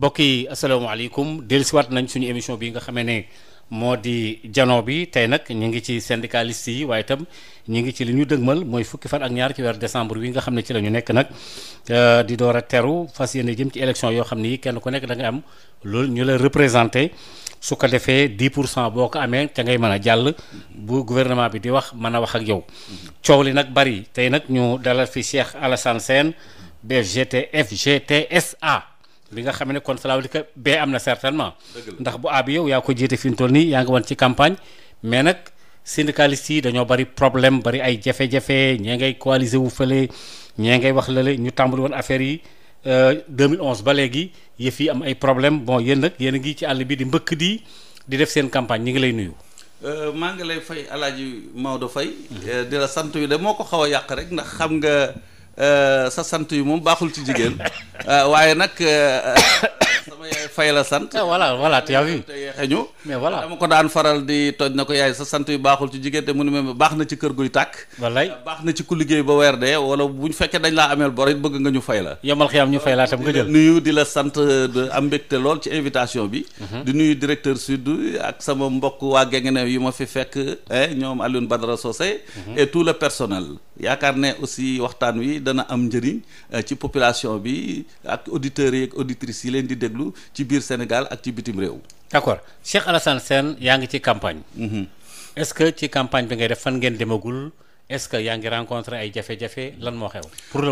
mbokk yi asalaamaaleykum dellusiwaat nañ suñu émission bi nga xamee ne moo di jano bi tey nag ñu ngi ci syndicaliste yi waaye itam ñu ngi ci li ñu dëgmal mooy fukki fan ak ñaar ci weer décembre wi nga xam ne ci lañu ñu nekk nag euh, di door a teru fas yéene jëm ci élection yoo xam ne ni kenn ku nekk da am loolu ñu la représenté su ko defee 10 pour cent boo ko amee ca ngay mën a jàll bu gouvernement bi di wax mën a wax ak yow coow li nag bari tey nag ñu dalal fi Cheikh Alassane Sène bi nga xam ne kon cela veut dire que bee am na certainement. ndax bu A bi yow yaa ko jiite fi mu toll nii yaa ngi woon ci campagne mais nag syndicalistes yi dañoo bari problème bari ay jafe-jafe ñee ngay coaliser wu fële ñee ngay wax lële ñu tàmbali woon affaire yi 2011 euh, ba léegi yëf yi am ay problème bon yéen nag yéen a ngi ci àll bi di mbëkk di di def seen campagne ñi ngi lay nuyu. Euh, maa ngi lay fay El Hadj Maodo Faye. Euh, di la sant wi de moo ko xaw yàq rek ndax xam nga. Euh, sa sant yi moom baaxul ci jigéen euh, waaye nag euh, sama yaay fay la sant. Ah, voilà voilà tu as vu xeñu mais voilà dama ko daan faral di toj na ko yaay sa sant yu baaxul ci jigéen te mu ne ma baax na ci kër guy tàkk. wallaay baax na ci ku liggéey ba weer dee wala bu ñu fekkee dañ laa ameel bor it bëgg nga ñu fay la. yomal xiyam nga jël nuyu di la sant de am mbégte lool ci invitation bi. Mhm. di nuyu directeur sud ak sama mbokk waa Guinguinéo yu ma fi fekk eh, ñoom Alioune Badara Socé. Mhm. et tout le personnel. yaakaar ne aussi waxtaan wi dana am njëriñ eh, ci bi ak auditeurs yi ak auditrices yi jublu ci biir Sénégal ak ci bitim réew. d'accord Cheikh Alassane Sène yaa ngi ci campagne. Mhm. est-ce que ci campagne bi ngay def fan ngeen demagul. est-ce que yaa ngi rencontré ay jafe-jafe lan moo xew pour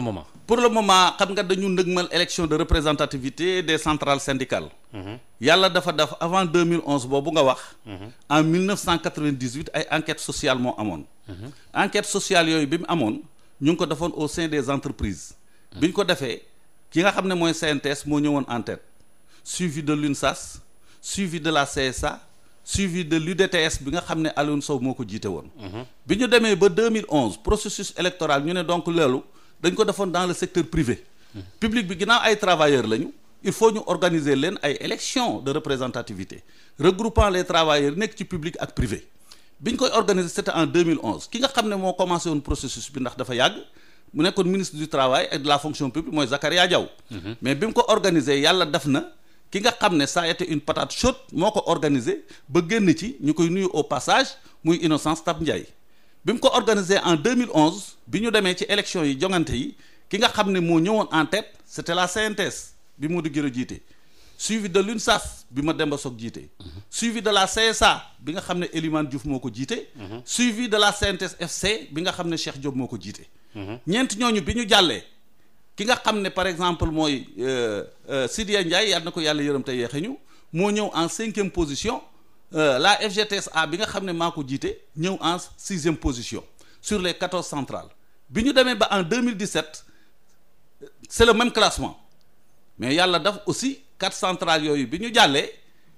le moment xam nga dañu ndëgmal élection de représentativité des centrales syndicales mhm. yàlla dafa def avant boobu nga wax mhm. en ay enquête sociale moo amoon enquête sociale yooyu bi mu amoon ñu ngi ko defoon au sein des entreprises bi ñu ko defee ki nga xam ne mooy CNTS suivi de l'UNSAS suivi de la CSA de l'UDTS bi nga xam ne Alioune Sow moo ko jiite woon. Mhm. bi ñu demee ba 2011 processus électoral ñu ne donc loolu dañ ko defoon dans le secteur privé. Mhm. public bi ginnaaw ay travailleurs lañu. il faut ñu organiser leen ay élections de représentativité regroupant les travailleurs nekk ci public ak privé bi ñu koy organiser c'était en 2011 ki nga xam ne moo commencé woon processus bi ndax dafa yàgg mu nekkoon ministre du travail et de la fonction publique mooy Zakaria Diaw. Mhm. def na. ki nga xam ne ça a été une patate chaude moo ko organisé ba génn ci ñu koy nuyu au passage muy Innocence Ntap Ndiaye bi mu ko organisé en 2011 bi ñu demee ci élection yi jongante yi ki nga xam ne moo ñëwoon en tête c' était la CNTS bi Modou Guiro jiite suivi de l'UNSAS bi Mademba Sock jiite suivi de la CSA bi nga xam ne Elimane Diouf ko jiite suivi de la CNTS FC bi nga xam ne Cheikh Diop moo ko jiite mhm. ñeent ñooñu bi ñu jàllee ki nga xam ne par exemple mooy euh, euh, Sidia Ndiaye yàlla na ko yàlla yërëm te yeexe ñu moo ñëw en cinquième position euh, la FGTSA bi nga xam ne maa ko jiite ñëw en sixième position sur les quatorze centrales bi ñu demee ba en 2017 c'est le même classement mais yàlla daf aussi quatre centrales yooyu bi ñu jàllee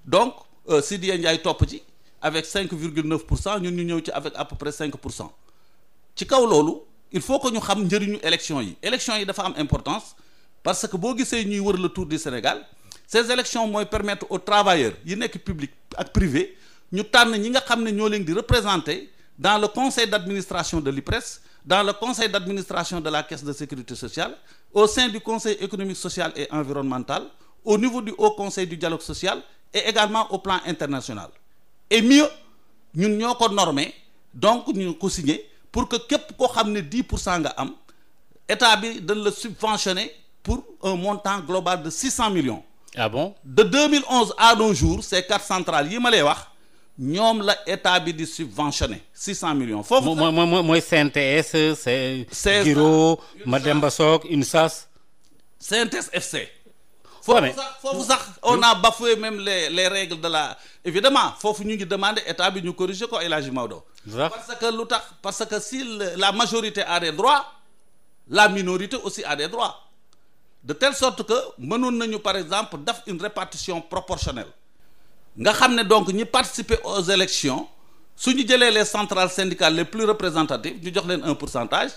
donc Sidia Ndiaye topp ci avec cinq virgule neuf pour cent ñun ñu ñëw ci avec à peu près cinq pour cent ci kaw loolu. il faut que ñu xam njëriñu élection yi élection yi dafa am importance parce que boo gisee ñuy wër le tour du Sénégal ces élections mooy permettre au travailleurs yi nekk public ak privé ñu tànn ñi nga xam ne ñoo leen di représenter dans le conseil d'administration de l'IPRES dans le conseil d'administration de la caisse de sécurité sociale au sein du conseil économique social et environnemental au niveau du haut conseil du dialogue social et également au plan international et mieux ñoo ko normé donc ñu pour que képp koo xam ne dix pour cent nga am état bi dañ la subventionné pour un montant global de six cent millions. ah bon de 2011 à nos jours ces quatre centrales yi ma lay wax ñoom la état bi di subventionné six cent millions. foofu mooy mooy mooy CNTS. c'est Giro ah, Mademba Sock UNSAS. CNTS FC. foofu sax foofu sax on a bafoué même les les règles de la évidemment foofu ñu ngi demande état bi ñu corriger ko El Hadji parce que lu tax parce que si la majorité a des droits la minorité aussi a des droits de telle sorte que mënoon nañu par exemple def une répartition proportionnelle nga xam ne donc ñi participer aux élections su ñu jëlee les centrales syndicales les plus représentatives ñu jox leen un pourcentage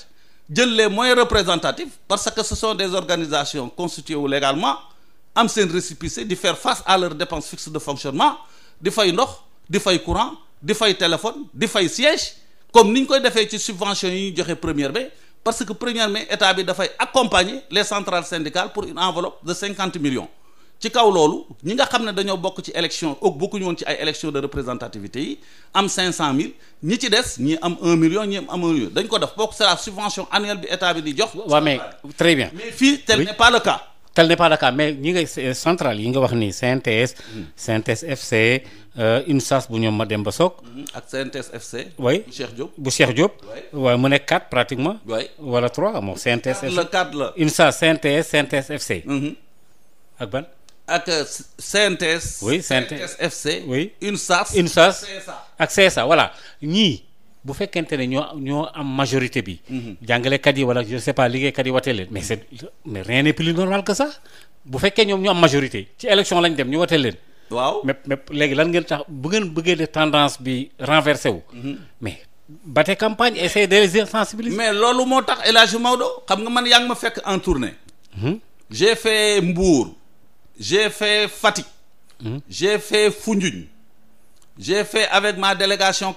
jël les moins représentatifs parce que ce sont des organisations constituées wu légalement am seen récépissé di faire face à leurs dépenses fixes de fonctionnement di fay ndox di fay courant di fay téléphone di fay siège comme ni ñu koy defee ci subvention yi ñu joxe première mai parce que première mai état bi dafay accompagner les centrales syndicales pour une enveloppe de cinquante millions ci kaw loolu ñi nga xam ne dañoo bokk ci élection ak bokkuñu woon ci ay élection de représentativité yi am cinq cent mille ñi ci des ñi am un million ñi am un million dañ ko def bokk c'est subvention annuelle bi état bi di jox. waaw mais très bien. mais fii tel n'est pas tel n'est pas le cas mais ñi nga central yi nga wax nii CNTS. Mm. CNTS FC UNSAS eh, bu ñoom Mademba Sock. Mm-hmm. ak CNTS FC. oui bu Cheikh Diop bu mu nekk quatre pratiquement. wala trois moom CNTS. quatre la quatre la UNSAS CNTS CNTS FC. Mm-hmm. ak ban. ak euh, CNTS. oui CNTS FC. oui UNSAS. ak CSA voilà ñii. bu fekkente ne ñoo ñoo am majorité bi. Mhm. jàngalekat yi wala je ne sais pas yi watee leen mais c' mais rien n' est plus normal que ça bu fekkee ñoom ñu am majorité ci élection lañu dem ñu watee leen. waaw mais mais léegi lan ngeen tax bu ngeen bëggee de tendance bi renversé wu. Mhm. mais bate campagne essayer de les sensibiliser. mais loolu moo tax El Hadj Maodo xam nga man yaa ngi ma fekk en tournée. Mhm. j'ai fait Mbour. j'ai fait Fatick. j'ai fait Foundiougne. j'ai fait avec ma délégation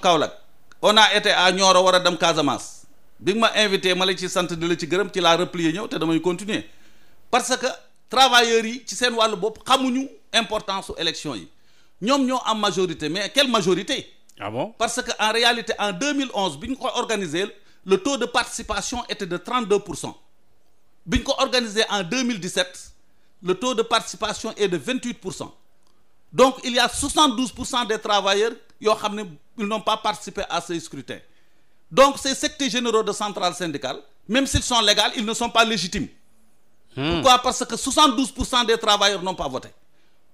on a été à Nioro war a dem Casamance bi nga ma invité ma ci sant di la ci gërëm ci laa replier ñëw te damay continuer parce que travailleurs yi ci seen wàllu bopp xamuñu importance su élection yi ñoom ñoo am majorité mais quelle majorité. ah bon parce que en réalité en 2011 bi ñu ko organisé le taux de participation était de 32 pour cent bi ñu ko organisé en 2017 le taux de participation et de vingt 28 pour cent. donc il y a 72 pour cent des travailleurs yoo xam ne ils n'ont pas participé à ce scrutin donc ces secteurs généraux de centrales syndicales même s'ils sont légaux ils ne sont pas légitimes hmm. pourquoi parce que 72 pour cent des travailleurs n'ont pas voté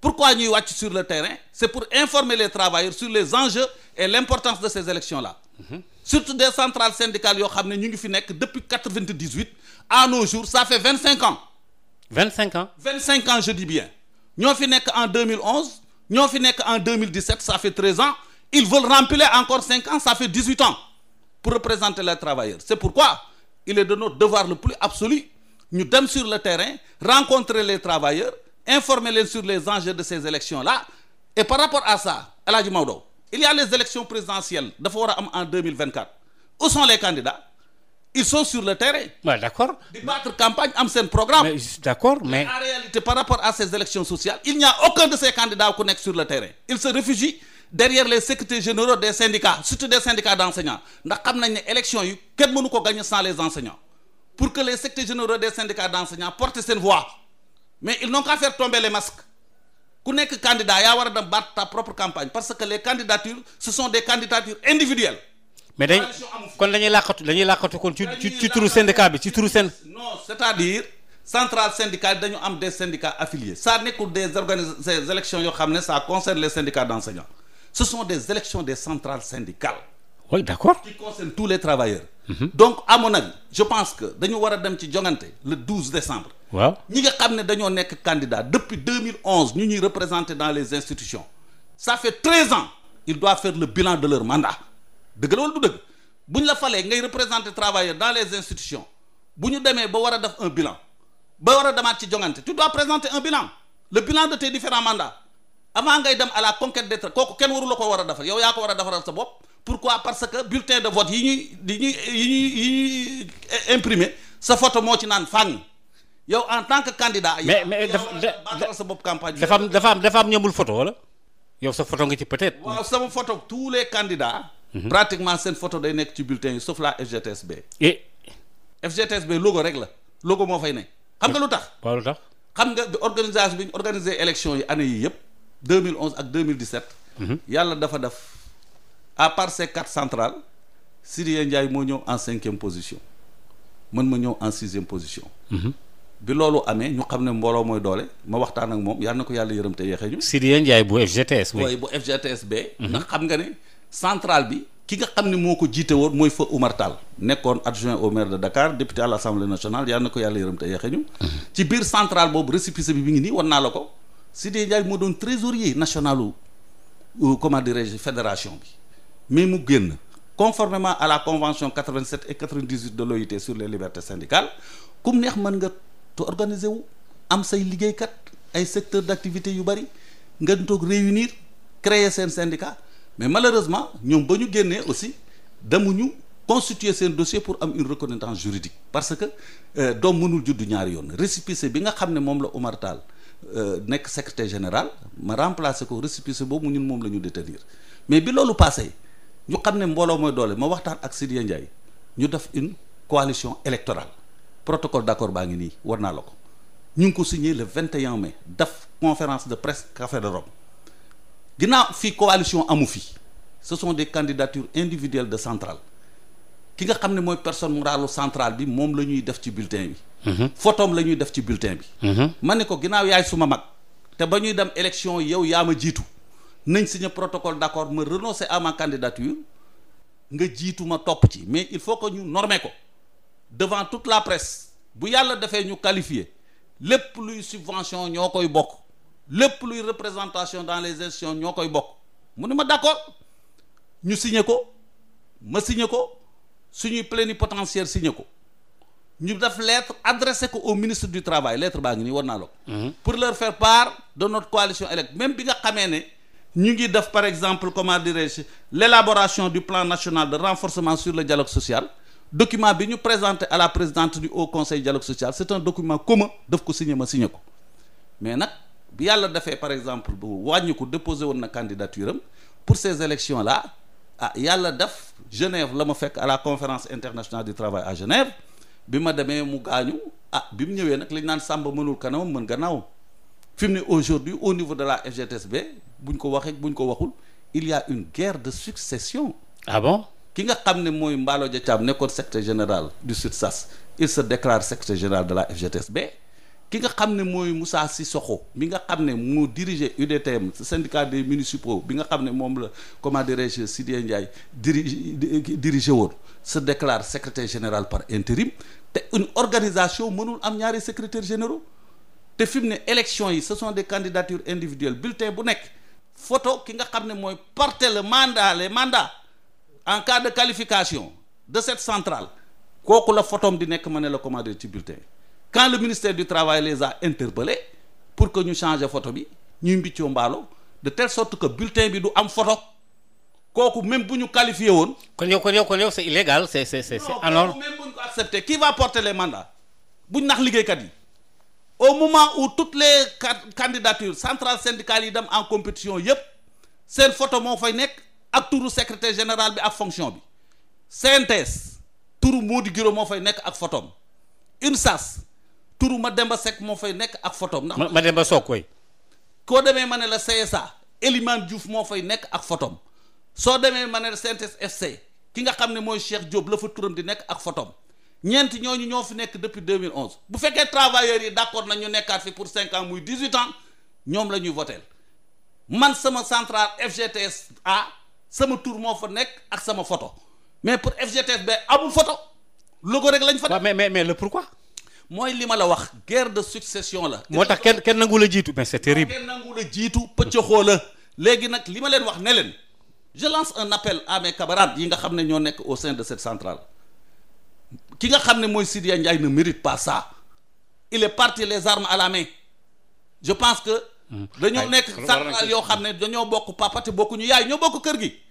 pourquoi ñuy wàcc sur le terrain c'est pour informer les travailleurs sur les enjeux et l'importance de ces élections là hmm. surtout des centrales syndicales yoo xam ne ñu ngi fi nekk depuis 98 à nos jours ça fait 25 ans 25 ans 25 ans je dis bien ñoo fi nekk en 2011 ñoo fi nekk en 2017 ça fait 13 ans ils veulent remplir encore 5 ans ça fait 18 ans pour représenter les travailleurs c'est pourquoi il est de notre le terrain rencontrer les travailleurs informer leen sur les enjeux de ces élections là et à ça El Hadj Maodo il y war a am en 2024 où sont les candidats ils sont sur le terrain. waaw d' accord di battre campagne am seen programme. mais d' accord mais. en réalité par rapport à ces élections sociales il n'y a aucun de ces candidats ku nekk sur le terrain. ils se réfugient derrière les secrétaires généraux des syndicats surtout des syndicats d' ndax xam élection yi kenn mënu ko sans les enseignants pour que les mais ils n'ont qu'à faire tomber les masques ku nekk candidat yaa a dem battre ta campagne parce que les candidatures ce sont des candidatures mais dañ kon dañuy làqatu dañuy làqatu kon ci ci turu syndicat bi ci turu seen. non c'est-à-dire centrale syndicale dañu am des syndicats affiliés. ça nekkul des organis des élections yoo xam ne sa concerne les syndicats d'enseignants ce sont des élections des centrales syndicales. oui d'accord. les travailleurs. Mm-hmm. donc à je pense que dañu war a dem ci jongante le 12 décembre. waaw ñi nga xam ne dañoo nekk candidat depuis 2011 ñu ñuy représenter dans les institutions. ça fait 13 ans ils doivent faire le bilan de leur mandat. dëgg la wala du dëgg bu la falee ngay représenter travailleur dans les institutions bu ñu demee ba war a def un bilan ba war a demaat ci jongante tu dois présenter un bilan le bilan de tes différents mandats avant ngay dem à la conquête des kooku kenn waru la ko war a defal yow yaa ko war a defaral sa bopp pourquoi parce que bulletin de vote yi ñuy di ñuy yi ñuy imprimer sa photo moo ci naan fàng yow en tant que candidat. mais mais dafa sa bopp campagne dafa am dafa am dafa am ñëmul photo wala yow sa photo nga ci peut-être. sama photo tous les candidats. Mhm. pratiquement seen photo day nekk ci bulletin yi sauf la FGTSB. et. Eh. FGTSB logo rek la logo moo fay ne. xam nga lu tax waaw lu tax. xam nga organisation bi ñu organisé élection yi année yi yëpp 2011 ak 2017. Mhm. yàlla dafa def à part ces quatre centrales Sidya moo ñëw en cinquième position man ma ñëw en sixième position. Mhm. bi loolu amee ñu xam ne mbooloo mooy doole ma waxtaan ak moom yal na ko yàlla yërëm te yeexee ñu. Sidya Ndiaye bu FGTSB. waaye bu FGTSB. ndax xam nga ne. centrale bi ki nga xam ne moo ko jiite woon mooy feu Oumar nekkoon adjoint au maire de Dakar député à l'Assemblée nationale yal na ko yàlla yërëm te yeexe ñu mhm. ci biir centrale boobu récépissé bi mi ngi nii wan naa la ko Sidé Ndiaye moo doon trésorier national ou je fédération bi mais mu génn conformément à la convention 87 et 98 de l'OIT sur les libertés syndicales kum neex mën nga te organiser wu am say liggéeykat ay secteur d'activité yu bari nga toog réunir créer seen syndicat mais malheureusement ñoom ba ñu génnee aussi demuñu constituer seen dossier pour am une reconnaissance juridique parce que euh, doom mënul juddu ñaari yoon récépissé bi nga xam ne moom la Omar Tall euh, nekk secrétaire général ma remplacer ko récépissé boobu ñun moom la ñu détenir mais bi loolu passé ñu xam ne mbooloo mooy doole ma waxtaan ak Sidya Ndiaye ñu def une coalition électorale protocole d'accord baa ngi nii war naa la ko ñu ngi ko signé le 21 mai def conférence de presse Café de Rome ginnaaw fii coalition amu fi ce sont des candidatures individuelles de centrale ki nga xam ne mooy personne morale centrale bi moom la ñuy def ci bulletin bi. Mhm. photom la ñuy def ci bulletin bi. Mhm. ma ne ko ginnaaw yaay suma mag. te ba ñuy dem élection yow yaa ma jiitu nañ signé protocole d'accord ma renoncer à ma candidature nga jiitu ma topp ci mais il faut que ñu normer ko devant toute la presse bu yàlla defee ñu qualifier lépp luy subvention ñoo koy bokk. lépp luy représentation dans les institutions ñoo koy bokk mu ne ma d'accord ñu signé ko ma signé ko suñuy plénipotentiaire signé ko ñu def lettre adressé ko au ministre du travail lettre baa ngi nii war naa la ko mhm. pour leur faire part de notre coalition élect même bi nga xamee ne ñu ngi def par exemple comment dirais-je l'élaboration du plan national de renforcement sur le dialogue social document bi ñu présenté à la présidente du haut conseil dialogue social c'est un document commun daf ko signé ma ko bi yàlla defee par exemple bu wàññi ko déposé woon na candidature pour ces élections là ah yàlla def Genève la ma fekk à la conférence internationale du travail à Genève bi ma demee mu gaañu ah bi mu ñëwee nag li naan sàmba mënul kanamam mën gannaaw fi mu ne aujourd'hui au niveau de la FGTSB buñ ko waxee buñ ko waxul il y une guerre de succession ah bon ki nga xam ne mooy Mballo Dia Thiam nekkoon secrétaire général du SUTSAS il se déclare secrétaire général de la FGTSB ki nga xam ne mooy Moussa Sissoko bi nga xam ne mu diriger UDTM syndicat des municipaux bi nga xam ne moom la comment dirais-je Sidya Ndiaye dirige dirigé woon sa déclare secretaire général par intérim te une organisation mënul am ñaari secretaire généraux te fi mu ne élection yi ce sont des candidatures individuelles bulletin bu nekk photo ki nga xam ne mooy porter le mandat les mandats en cas de qualification de cette centrale kooku la photom di nekk ma ne la commandé ci bulletin quand le ministère du travail les a interpellés pour que ñu changer photo bi ñuy mbiccoo mbaalo de telle sorte que bulletin bi du am photo kooku même bu ñu qualifié woon. kon yow kon yow kon yow c'est illégal c'est c'est c'est alors même bu qui va porter les mandats bu ñu nax liggéeykat yi au moment où toutes les candidatures centrales syndicales yi dem en compétition yépp seen photo moo fay nekk ak tour secretaire général bi ak fonction bi CNTS turu Mody Guiro moo fay nekk ak photom UNSAS turu Mademba Seck moo fay nekk ak photo ndax Mademba Sock koy koo demee ma ne la CSA Elimane Diouf moo fay nekk ak photom soo demee ma ne la CNTS FC xam ne mooy Cheikh Diop la fa turam nekk ak photom ñeent ñooñu ñoo fi nekk depuis 2011 bu fekkee travailleurs yi d'accord nañ ñu nekkaat fi pour cinq ans muy 18 ans ñoom la ñuy voteel man sama centrale FGTS A sama tur moo fa nekk ak sama photo mais pour FGTS B amul photo logo rek lañ fa. mais mais mais le pourquoi. mooy li ma la wax guerre de succession la. moo tax kenn kenn nangu la jiitu mais c'est terrible. kenn nangu la jiitu pëccëxoo la léegi nag li ma leen wax ne leen je lance un appel à mes camarades yi nga xam ne ñoo nekk au sein de cette centrale ki nga xam ne mooy Sidya Ndiaye ne mérite pas ça il est parti les armes à la main je pense que. Hmm. dañoo nekk centrale yoo xam ne dañoo bokk papa te bokkuñu yaay ñoo bokk kër gi.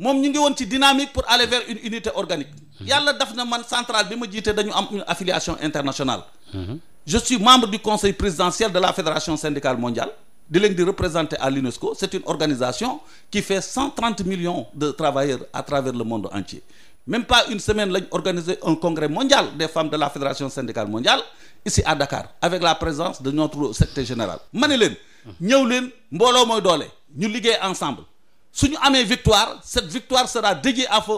moom ñu ngi woon ci dynamique pour aller vers une unité organique yàlla daf na man centrale bi ma jiite dañu am une affiliation internationale mhm. je suis membre du conseil présidentiel de la fédération syndicale mondiale di leen di représenter à l'UNESCO c'est une organisation qui fait millions de travailleurs à travers le monde entier même pas une semaine lañ organisé un congrès mondial des femmes de la fédération syndicale mondiale ici à Dakar avec la présence de notre secrétaire général ma leen ñëw leen mbooloo mooy doole ñu liggéey ensemble su ñu amee victoire cette victoire sera dédiée à feu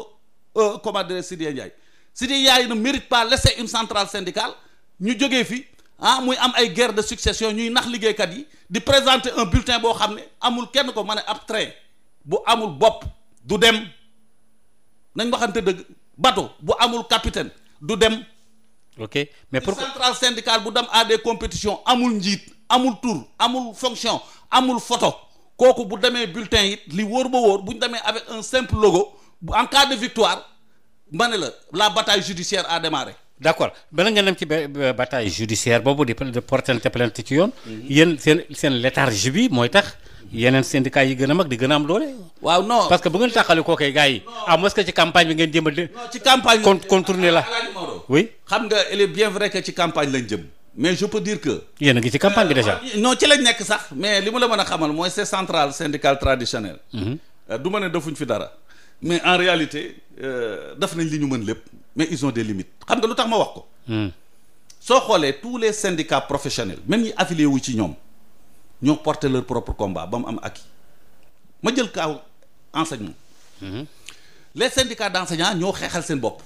euh, comment dirais Sidya Ndiaye Sidya Ndiaye ne mérite pas laisser une centrale syndicale ñu jógee fi ah muy am ay guerre de succession ñuy nax liggéeykat yi di présenter un bulletin boo xam ne amul kenn ko mën a ab train bu amul bopp du dem nañ waxante dëgg bateau bu amul capitaine du dem. ok mais pour centrale syndicale bu dem à des compétitions amul njiit amul tour amul fonction amul photo. kooku bu demee bulletin it li wóor ba wóor bu ñu demee avec un simple logo bu en cas de victoire ma ne la la bataille judiciaire a démarré. d' accord bala nga dem ci bataille judiciaire boobu di de porter plainte ci yoon. Mhm. yéen seen seen léthargie bi mooy tax. yeneen syndicats yi gën a mag di gën a am doole. waaw non parce que bu ngeen taxalee koo koy gars yi. ah mos que ci campagne bi ngeen jëm a. campagne bi contourner la. oui. xam nga il est bien vrai que ci campagne lañ jëm. mais je peut dire que. yéen ngi ci campagne bi euh, déjà. non ci lañ nekk sax mais li mu la mën a xamal mooy ces centrales syndicales traditionnelles. Mhm. Euh, du ma ne defuñ fi dara. mais en réalité euh, def nañ li ñu mën lépp mais ils ont des limites xam nga lu tax ma wax ko. Mhm. soo xoolee tous les syndicats professionnels même ñi affilié wu ci ñoom ñoo porté leur propre combat ba mu am acquis ma jël kaaw enseignement. Mhm. les syndicats d'enseignants ñoo xeexal seen bopp.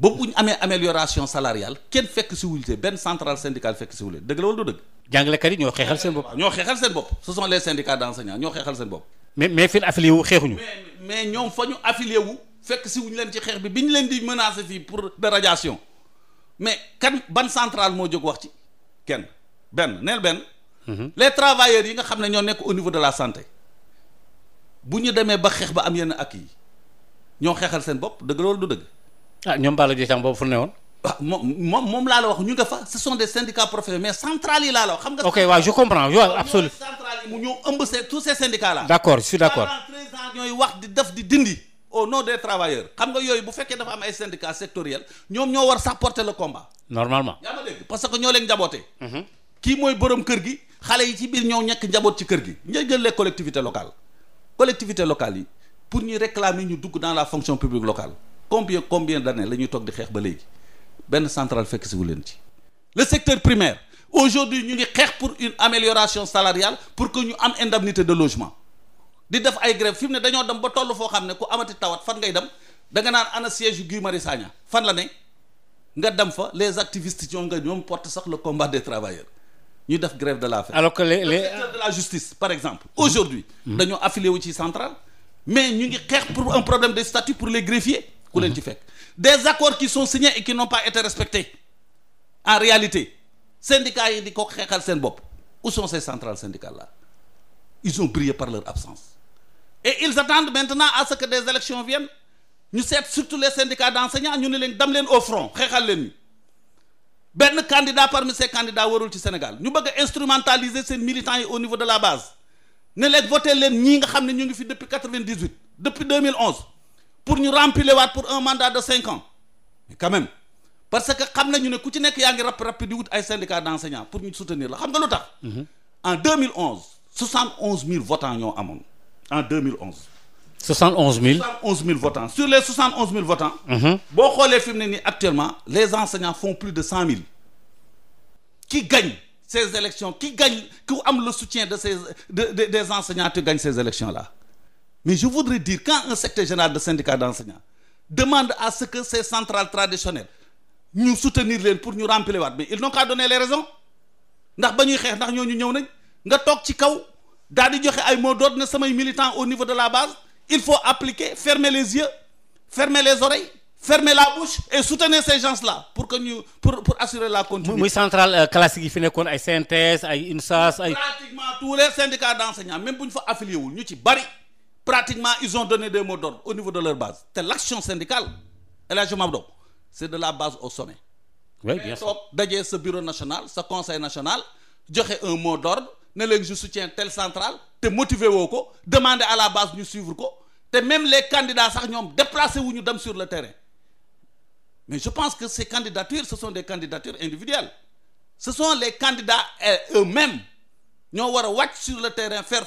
ba bu ñu amee amélioration salariale kenn fekk si wul benn centrale syndicale fekk si wul dëgg la wala du dëgg. jàngalekat yi ñoo xeexal seen bopp. ñoo xeexal seen bopp ce sont les syndicats d'enseignants ñoo xeexal mais ñoom fa ñu affilié fekk si wuñu leen ci xeex bi bi ñu leen di menacer fii pour de radiation mais kan ban central moo jóg wax ci kenn benn neel benn. Mhm. les travailleurs yi nga xam ne ñoo nekk au niveau de la santé bu ñu demee ba xeex ba am yenn ak yi ñoo xeexal seen bopp dëgg la wala du dëgg. ah ñoom Balla Gueye tam boobu fu ne woon. waaw ah, moom moom laa la wax ñu nga fa ce sont des syndicats professionnels mais centrales yi laa la wax. ok waaw je comprends yow absolument mu ñëw ëmb ces tous ces syndicats là. d' je suis d' ñooy wax di def di dindi au nom des travailleurs. xam nga yooyu bu fekkee dafa am ay syndicats sectoriels ñoom ñoo war sax porter le combat. normalement parce que ñoo leen njabootee. Mhm. kii mooy borom kër gi xale yi ci biir ñoo ñekk njaboot ci combien combien d'années la ñuy toog di xeex ba léegi benn centrale fekk si wu leen ci le secteur primaire aujourd'hui ñu ngi xeex pour une amélioration salariale pour que ñu am indemnité de logement di def ay grève fi mu ne dañoo dem ba toll foo xam ne ku amati tawat fan ngay dem danga naan ana siège Guy Marius Sagna fan la ne nga dem fa les activistes ñoom nga ñoom porte sax le combat des travailleurs ñu def grève de la faim alors que les les de la justice par exemple mhm. aujourd'hui mhm. dañoo affilié wu ci centrale mais ñu ngi xeex pour un problème de statut pour les greffiers ku leen ci fekk des accords qui sont signés et qui n'ont pas été respectés en réalité syndicats yi di ko xeexal seen bopp où sont ces centrales syndicales là ils ont brillé par leur absence et ils attendent maintenant à ce que des élections viennent ñu seet surtout les syndicats d'enseignants ñu ne leen dam leen au front xeexal leen ñu benn candidat parmi ces candidats warul ci Sénégal ñu bëgg a instrumentaliser seen militants yi au niveau de la base ne leen voté nga xam ne ñu ngi fi depuis quatre-vingt-dix-huit depuis pour ñu remplir waat pour un mandat de cinq ans mais parce que xam nañu ne ku ci nekk yaa ngi rap rap di wut ay syndicat d'enseignants pour ñu soutenir la xam nga lu tax. Mhm. en 2011 71000 votants ñoo amoon en 2011. 71000 71000 votants sur les 71000 votants. Mhm. boo xoolee fi mu ne nii actuellement les enseignants font plus de 100000. qui gagne ces élections qui gagne ku am le soutien de ces de, de des enseignants tu gagnes ces élections là. mais je voudrais dire quand un secrétaire général de syndicat d'enseignants demande à ce que ces centrales traditionnelles ñu soutenir leen pour ñu remplir waat mais ils n'ont qu'à donner les raisons ndax ba ñuy xeex ndax ñooñu ñëw nañ nga toog ci kaw daal di joxe ay mots d'ordre ne samay militants au niveau de la base il faut appliquer fermer les yeux fermer les oreilles fermer la bouche et soutenir ces gens la pour que ñu pour pour assurer la continuité. muy centrale euh, yi fi nekkoon ay CNTS ay UNSAS ay. pratiquement les syndicats d'enseignants même bu fa affilié wul ñu ci bari. pratiquement ils ont donné des mots d'ordre au niveau de leur base te l'action syndicale El Hadj Maodo c'est de la base au sommet. oui bien sûr sa bureau national sa conseil national joxe un mot d'ordre ne léegi je soutiens telle centrale te motiver woo ko demande à la base ñu suivre ko te même les candidats sax ñoom déplacé wu ñu dem sur le terrain mais je pense que ces candidatures ce sont des candidatures individuelles ce sont les candidats euh, eux ñoo a wàcc terrain faire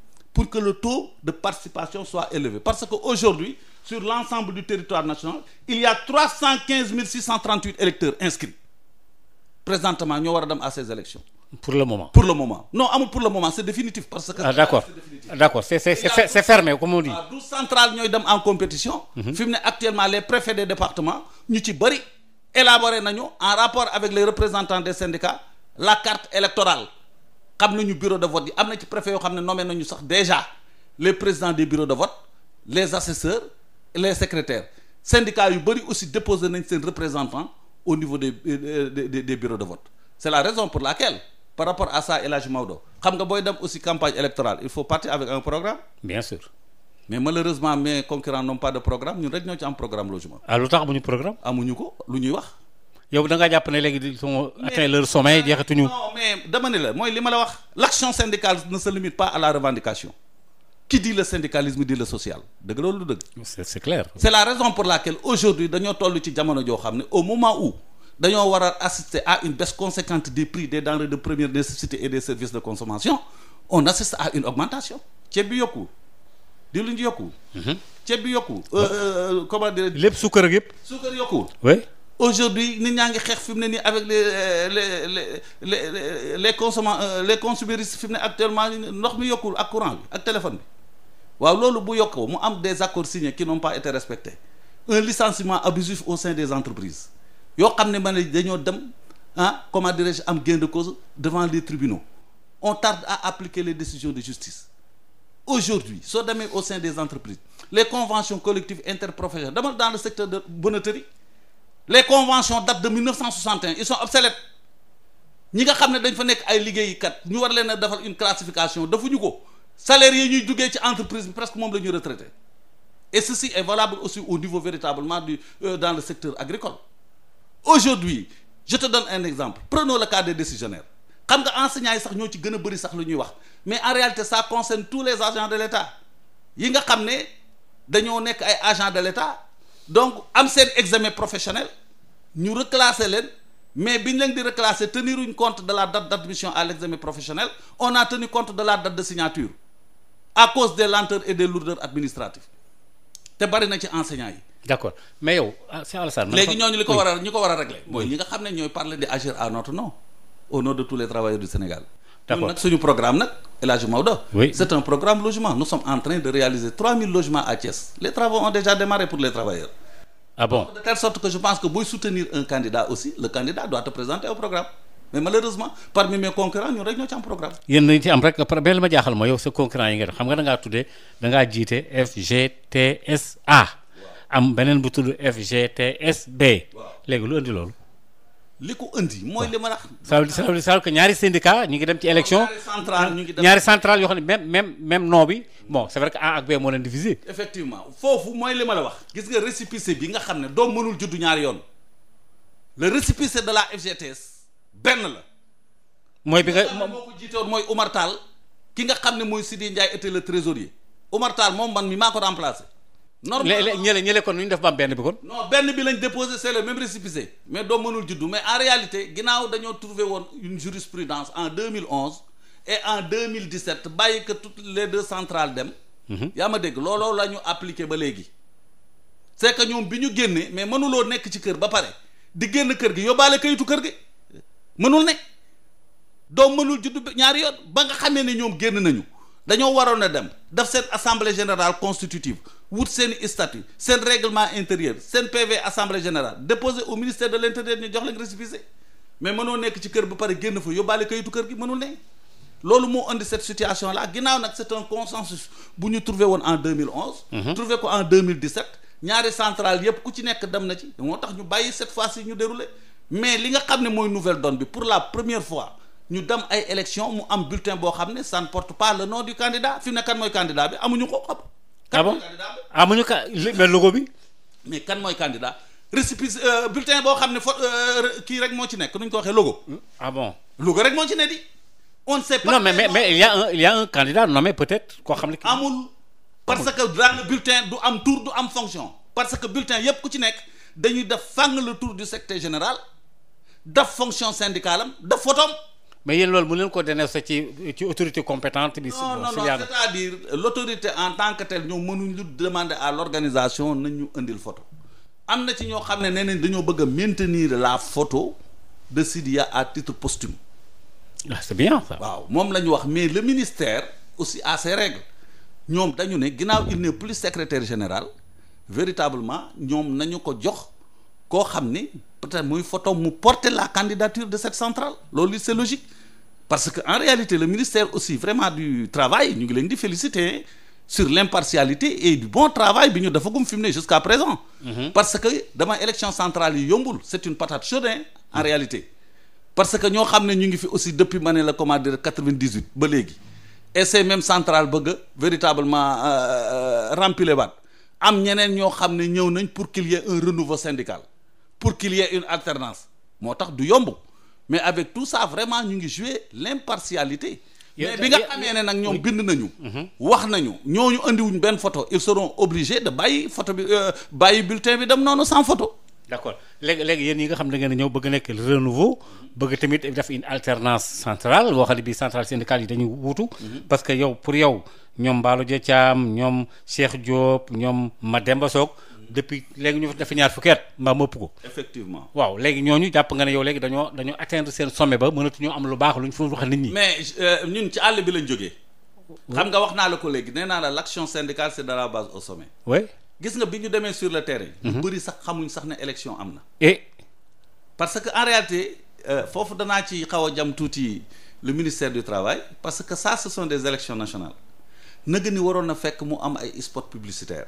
pour que le taux de participation soit élevé parce que aujourd'hui sur l'ensemble du territoire national il y a 315 638 électeurs inscrits présentement ñoo war a dem à ces élections pour le moment pour le moment non amul pour le moment c'est définitif parce que. ah d'accord d'accord c'est c'est c'est fermé comme on dit. waaw douze centrales ñooy dem en compétition. Mhm. fi mu ne actuellement les préfets des départements ñu ci bëri élaboré nañu en rapport avec les représentants des syndicats la carte xam nañu bureau de vote yi am na ci préfet yoo xam ne nommé nañu sax déjà les présidents des bureaux de vote les assesseurs les secrétaires syndicats yu bëri aussi déposé nañ seen représentant au niveau euh, des des des bureaux de vote c'est la raison pour laquelle par rapport à ça El Hadj Maodo xam nga booy dem aussi campagne électorale il faut partir avec un programme. bien sûr. mais malheureusement mes concurrents n'ont pas de programme ñun rek ñoo ci ah, lu tax amuñu programme. amuñu ko lu ñuy wax. yow da ngaa jàpp ne léegi ils ont atteint leur sommet euh, jeexatuñu. dama ne la mooy li ma la wax. laction action syndicale ne se limite pas à la revendication. qui dit le syndicalisme dit le social dëgg loolu du dëgg. c' est clair. c' la raison pour laquelle aujourd'hui dañoo toll ci jamono joo xam ne au moment où dañoo war a assister à une baisse conséquente des prix des denrées de première nécessité et des services de consommation on assiste à une augmentation ceeb bi yokku diwlin ji yokku. Mhm. ceeb bi yokku. Euh, euh, comment lépp suukar ak yëpp. suukar yokku. aujourd'hui nit ñaa ngi xeex fi mu ne nii avec le le euh, les les consommateurs les consuméristes fi mu ne actuellement ndox mi yokkul ak courant bi ak téléphone bi waaw loolu bu yokkoo mu am des accords signés qui n'ont pas été respectés un licenciement abusif au sein des entreprises yoo xam ne ma ne dañoo dem ah comment dirais-je am gain de cause devant les tribunaux on tarde à appliquer les décisions de justice aujourd'hui soo demee au sein des entreprises les conventions collectives interprofessionnelles dama dans le secteur de bonneterie les conventions datent de 1961 ils sont obsolètes ñi nga xam ne dañ fa nekk ay liggéeykat ñu war leen a defal une classification defuñu ko salaire yi ñuy jugee ci entreprise bi presque moom la ñuy retraité et ceci est valable aussi au niveau véritablement du euh, dans le secteur agricole aujourd'hui je te donne un exemple prenons le cas des décisionnaires xam nga enseignants yi sax ñoo ci gën a bëri sax lu ñuy wax mais en réalité ça concerne tous les agents de l'État yi nga xam ne dañoo nekk ay agents de l'État donc am seen examen professionnel ñu reclasser leen mais bi ñu leen di reclasser teniruñ compte de la date d'admission à l'examen professionnel on a tenu compte de la date de signature à cause des lenteurs et des lourdeurs administratives te bari na ci enseignants yi. d'accord mais yow. Ah, léegi ñooñu li ko war a ñu ko war a régler mooy ñi nga xam ne ñooy parler de agir à notre nom au nom de tous les travailleurs du Sénégal. d'accord ñun nag suñu programme nag El Hadj Maodo. oui c'est un programme logement nous sommes en train de réaliser 3000 logements à Thiès les travaux ont déjà démarré pour les travailleurs. ah bon de telle sorte que je pense que booy soutenir un candidat aussi le candidat doit te présenter au programme. mais malheureusement parmi mes concurrents ñun rek ñoo ci am programme. yéen ma jaaxal ma yow sa concurrent yi nga xam nga da ngaa tuddee jiite FGTSA. am beneen bu tudd FGTSB. léegi lu andi loolu. li ko indi mooy li ma la. ça veut dire que ñaari syndicat ñu ngi dem ci élection ñaari central yoo xam ne même même même nom bi bon c'est vrai que A ak B moo leen diviser. effectivement foofu mooy li ma la wax. gis nga récépissé bi nga xam ne doom mënul juddu ñaari yoon le récépissé de la FGTS benn la. mooy bi nga moo ko jiite mooy Oumar ki nga xam ne mooy Sidi Ndiaye était le trésorier Oumar Tall moom man mi maa ko remplacé. normalement ñële ñële kon nu ñu def ba am benn bi kon. non benn bi lañ déposé c'est le même récépissé mais doo mënul juddu mais en réalité ginnaaw dañoo trouvé woon une jurisprudence en mille 2011 et en 2017 bàyyi que toutes les deux centrales dem. Mhm. yaa ma dégg looloo la ñu appliqué ba léegi. c'est que ñoom bi ñu génnee mais mënuloo nekk ci kër ba pare di génn kër gi yóbbaale kayitu kër gi mënul ne doo mënul juddu ñaari yoon ba nga xamee ne ñoom génn nañu dañoo waroon a dem def seen assemblée générale constitutive. wut seen i seen règlement intérieur seen PV assemblée générale déposé au ministère de l' intérieur ñu jox leen récépissé mais mënoo nekk ci kër ba pare génn fa yóbbaale kayitu kër gi mënul ne. loolu moo indi cette situation là ginnaaw nag c' est un consensus bu ñu trouvé woon en 2011. Mmh. trouvé ko en 2017 ñaari centrale yépp ku ci nekk dem na ci moo tax ñu bàyyi cette fois ci ñu déroulé mais li nga xam ne mooy nouvelle donne bi pour la première fois ñu dem ay élection mu am bulletin boo xam ne ça ne porte pas le nom du bi amuñu ko xam. ah bon amuñu ah, ka mais logo bi. mais kan mooy candidat récépissé euh, bulletin boo xam ne fo euh, kii rek moo ci nekk nu ñu ko waxee logo. Hmm? ah bon logo rek moo ci ne di. on ne sait pas. mais mais mais il y a un il y a un candidat nommé peut-être koo xam ne. amul parce que dans bulletin du am tour du am fonction. parce que bulletin yépp ku ci nekk dañuy def fàng le tour du secrétaire général daf fonction syndicale daf photom mais yéen loolu mu leen ko dénoncé ci ci autorité compétente bi. non non non c'est-à-dire l'autorité en tant que telle ñoom mënuñ lu demander à l'organisation nañu indil photo am na ci ñoo xam ne nee nañ dañoo bëgg a maintenir la photo de Sidya à titre posthume. ah c'est waaw moom la ñu wax mais le ministère aussi à ses règles ñoom dañu ne ginnaaw il n'est plus secrétaire général véritablement ñoom nañu ko jox koo xam ni. peut-être muy photo mu porter la candidature de cette centrale loolu c'est logique parce que en réalité le ministère aussi vraiment du travail ñu ngi leen di féliciter sur l'impartialité et du bon travail bi ñu dafagum fi mu ne jusqu'à présent mhm. parce que dama élection centrale yi yombul c'est une patate chaude en réalité parce que ñoo xam ne ñu ngi fi aussi depuis ma ne la comment dire quatre-vingt-dix-huit ba léegi et ces centrale centrales bëgg a véritablement euh, euh, remplir waat am ñeneen ñoo xam ne ñëw nañ pour qu'il y ait un pour qu'il y une alternance moo tax du yomb mais avec tout ça vraiment ñu ngi jouer l'impartialité mais bi nga xamee ne nag ñoom bind nañu mhm. wax nañu ñoo ñu andiwuñ benn photo ils seront obligés de bàyyi photo bi euh, bàyyi bulletin bi dem noonu sans photo d'accord léegi léegi yéen yi nga xam ne da ngeen a ñëw bëgg nekk renouveau bëgg tamit def une alternance centrale boo xam ne bii centrale syndicale yi dañuy wuutu mhm. parce que yow pour yow ñoom Mballo Dia Thiam ñoom Cheikh Diop ñoom Mademba Sock depuis léegi ñu def ñaar fukki at mbaa mëpp ko. effectivement waaw léegi ñoo ñooñu jàpp nga ne yow léegi dañoo dañoo atteindre seen sommet ba mënatuñoo am lu baax luñ fa wax nit ñi. mais euh, ñun ci àll bi lañ jógee. xam nga wax naa la ko léegi nee naa la laction action syndicale c' est de la base au sommet. oui gis nga bi ñu demee sur le terrain. mu mhm. bëri sax xamuñ sax ne élection am na. et parce que en réalité euh, foofu danaa ci xaw a jam tuuti lu ministère du travail parce que ça ce sont des élections nationales nag ni waroon na fekk mu am ay spots publicitaires.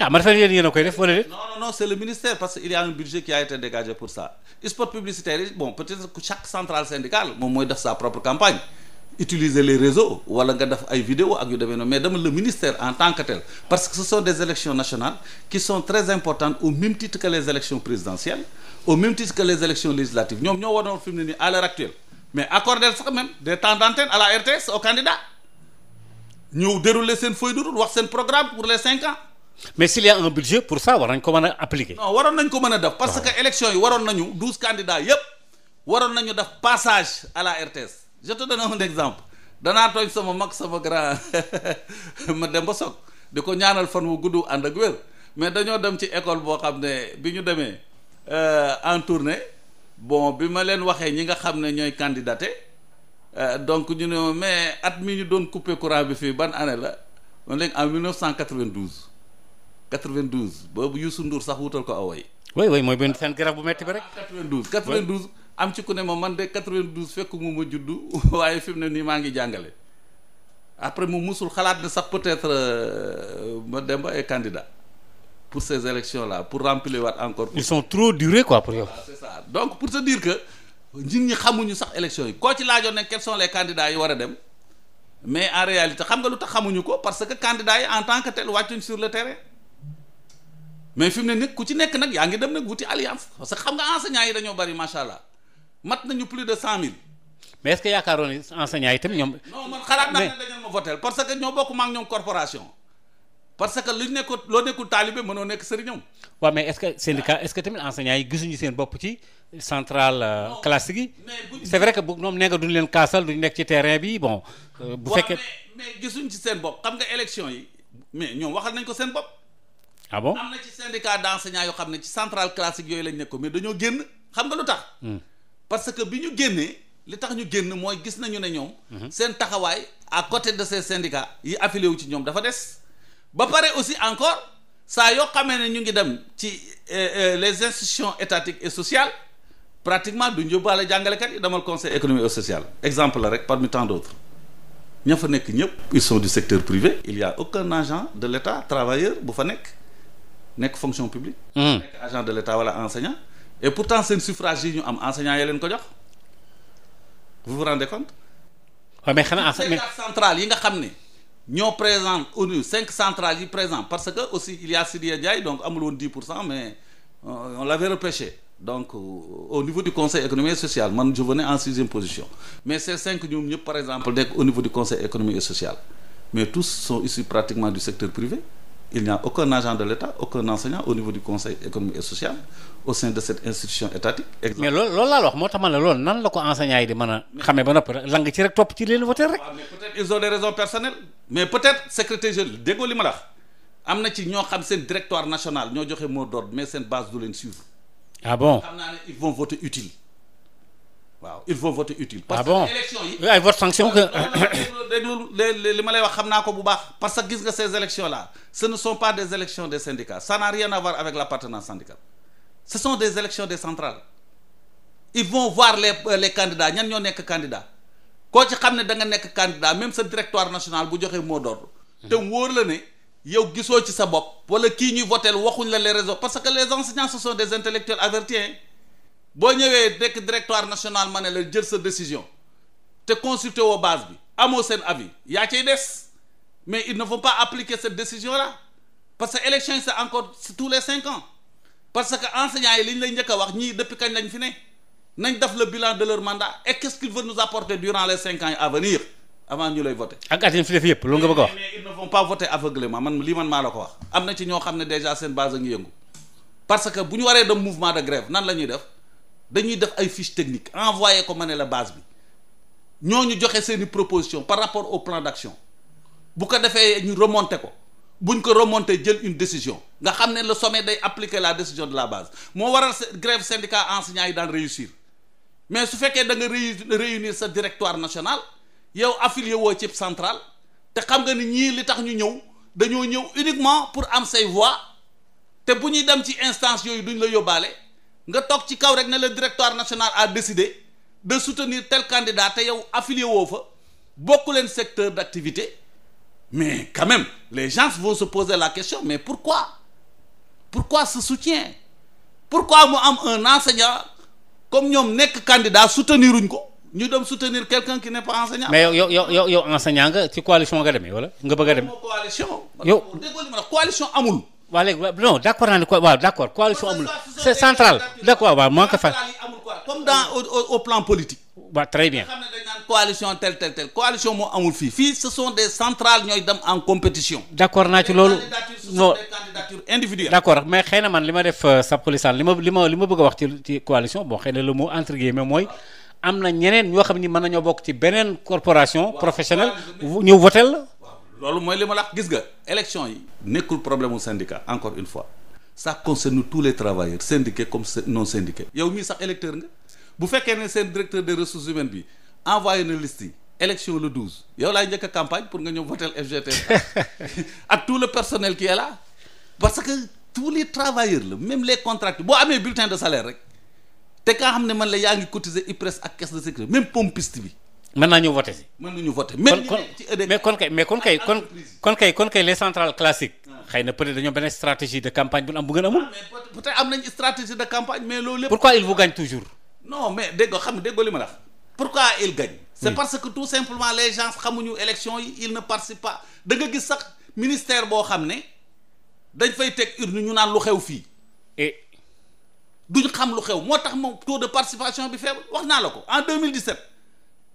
ah man fan yéen yéen a koy def wala non non c'est le ministère parce que il y un budget qui a été dégagé pour ça spot publicitaire bon peut-être que chaque centrale syndicale moom mooy def sa propre campagne utiliser les réseaux wala nga def ay vidéo ak yu demee mais dama le ministère en tant tel parce que ce sont des élections nationales qui sont très importantes au même titre que les élections présidentielles au même titre mais s'il y a budget pour ça war nañ ko mën a appliquer. non waroon nañ ko mën a def. parce que élection yi waroon nañu douze candidats yëpp waroon nañu def passage à la RTS je dana donne un exemple danaa tooñ sama mag sama grand ma dem ba soog di ko ñaanal fan wu gudd ànd ak wér mais dañoo dem ci école boo xam ne bi ñu demee euh, en tournée bon bi ma leen waxee ñi nga xam ne ñooy candidaté euh, donc ñu ne mais at mi ñu doon couper courant bi fii ban année la man léegi en 1992. 92 boobu Youssou Ndour sax wutal ko away way way mooy benn seen garab bu metti ba rek 92 92 am ci ku ne ma man de 92 fekk mu ma judd waaye fi mu ne nii maa ngi jàngale après mu musul xalaat ne sax peut-être euh, ma dem ay candidat pour ces élections là pour remplir wat encore ils sont trop durés quoi pour yow donc pour te dire que nit ñi xamuñu sax élections yi koo ci laajoon ne quels sont les yi war a dem mais en réalité xam nga lu tax xamuñu ko parce que candidats yi tant que tel wàccuñ le terrain mais fi mu ne nag ku ci nekk nag yaa ngi dem nag wuti alliance parce que xam nga enseignants yi dañoo bari macha allah mat nañu plus de cent mille. mais est que yaakaaroon ni enseignants yi tam ñoom. non man xalaat naa ne dañu ma voté parce que ñoo bokk ma ñoom nekk loo mais est-ce que syndicat tamit enseignants yi gisuñu seen bopp ci centrale euh, classique yi. c'est vrai que bu ñoom nee nga duñ leen kaasal duñ nekk ci terrain bi bon. Euh, bu fekkee mais gisuñ ci seen bopp xam nga élection yi mais ñoom waxal nañ ko seen bopp. ah am na ci syndicat d'enseignants yoo xam ne ci central classique yooyu lañ nekkoon mais dañoo génn xam nga lu tax. Hmm. parce que bi ñu génnee li tax ñu génn mooy gis nañu ne ñoom. Hmm. seen taxawaay à côté de ces syndicats yi affilié wu ci ñoom dafa des. ba pare aussi encore saa yoo xamee ne ñu ngi dem ci euh, euh, les institutions étatiques et sociales pratiquement duñ yóbbaale jàngalekat yi demal conseil économique et social exemple la rek parmi tant d'autres ña fa nekk ñëpp ils sont du secteur privé il y a aucun agent de l'État bu fa nekk. nekk fonction publique. Hmm. nekk agent de l'état wala enseignant. et pourtant seen suffrage yi ñu am enseignant ya ko jox vous vous rendez compte. waaw mais xanaa yi nga xam ne ñoo présent ONU cinq centrales yi présent parce que aussi il y a Sidya Ndiaye donc amul woon dix pour cent mais euh, on l'avait repêché donc euh, au niveau du conseil économique et social man je venais en sixième position mais ces cinq ñoom exemple nekk au niveau du conseil économique et social mais tous sont issus pratiquement du il n'y a aucun agent de l'État aucun enseignant au niveau du conseil économique et social au sein de cette institution étatique. mais loolu loolu wax moo tax ma ne loolu nan la ko enseignants yi di mën a xamee ba noppi rek ci rek topp ci leen voter rek. Ah, ils ont des raisons personnelles mais peut-être secrétaire général déggoo li ma la am na ci ñoo xam seen directoire national ñoo joxe moo d'ordre mais seen base du leen suivre. ah bon waaw il faut voter utile. parce ah que élection yi ay sanction que. li ma lay wax xam naa ko bu baax parce que gis nga ces élections là ce ne sont pas des élections des syndicats ça n'a rien à voir avec l'appartenance syndicale ce sont des élections des centrales ils vont voir les euh, les candidats ñan ñoo nekk candidat koo ci xam ne da nga nekk candidat même sa directoire national bu joxee moo d'ordre te wóor la ne yow gisoo ci sa bopp wala kii ñuy voter waxuñ la les raisons que les enseignants ce sont boo ñëwee nekk directoire national ma ne la jël sa décision te consulté woo base bi amoo seen avis yaa cay des mais ils ne vont pas appliquer cette décision là parce que élection yi c'est encore c'est tous les cinq ans parce que enseignants yi li ñu lay njëkk a wax ñii depuis kañ lañ fi ne nañ def le bilan de leur mandat et qu'est-ce qu'ils veulent nous apporter durant les cinq ans à venir avant ñu lay voter ak at fi def yëpp loolu nga bëgg a wax. mais ils ne vont lii man maa la ko wax am na ci ñoo xam ne déjà seen a ngi yëngu parce ñu waree dem mouvement de grève nan la ñuy def. dañuy def ay fiche technique envoyé ko ma ne la base bi ñoo ñu joxe seeni proposition par rapport au plan d'action bu ko defee ñu remonter ko buñ ko remonter jël une décision nga xam ne le sommet day appliquer la décision de la base moo waral grève syndicat enseignants yi daan réussir mais su fekkee da nga réunir sa directoire national yow affilié woo ci centrale te xam nga ni ñii li tax ñu ñëw dañoo ñëw uniquement pour am say voix te bu ñuy dem ci instance yooyu duñ la yóbbaale nga toog ci kaw rek ne le directoire national a décidé de soutenir tel candidat te yow affilié woo fa bokk leen secteur d'activité mais quand même les gens vont se poser la question mais pourquoi pourquoi ce soutien pourquoi mu am un enseignant comme ñoom nekk candidat souteniruñ ko ñu dem soutenir quelqu'un qui n'est pas enseignant. mais yow yow yow yow enseignant nga ci coalition nga demee wala nga bëgg a dem. coalition. yow déggoo li ma wax coalition amul. waa léegi non d' accord naa ne waaw d' accord coalition amul c' central d' accord waaw fa comme dans au plan politique. waaw très bien. xam ne dañ naan coalition tel tel coalition moo amul fii fii ce sont des centrales ñooy dem en compétition. d' accord naa ci loolu. non des candidatures mais xëy na man li ma def euh, sab polisaan li ma li ma li ma bëgg wax ci ci coalition bon xëy na le mot entre guillemets mooy. am na ñeneen ñoo xam ni mën nañoo bokk ci beneen corporation professionnelle ñu votel loolu mooy li ma la gis ga élection yi. nekkul problème mu syndicat encore une fois ça concerne tous les travailleurs syndiqués comme non syndiqués. yow mii sax électeur nga bu fekkee ne seen directeur des ressources humaines bi envoyé na list yi. élection le 12 yow laay njëkk campagne pour nga ñëw votel FGT ak tout le personnel qui parce que tous les travailleurs la même les contracteurs boo amee bulletin de salaire rek te ka xam ne man la yaa ngi cotiser IPRES ak caisse de sécurité même bi. mën naa ñëw voté si. mën nañu voté même ci EDF mais kon kay mais kon kay kon kon kay kon kay les centrales classiques. Ah. xëy na peut être dañoo benn stratégie de campagne bu am bu ngeen amul. Ah, mais peut être am nañ stratégie de campagne mais loolu lépp. pourquoi il vous gagne toujours. non mais dégg nga xam déggoo li ma la wax. pourquoi il gagne. c'est hmm. parce que tout simplement les xamuñu élection yi ils ne participent pas nga gis sax ministère boo xam ne dañ fay teg urne ñu naan lu xew fii. et. xam lu xew moo tax moom taux de participation bi faible wax naa la ko en 2017.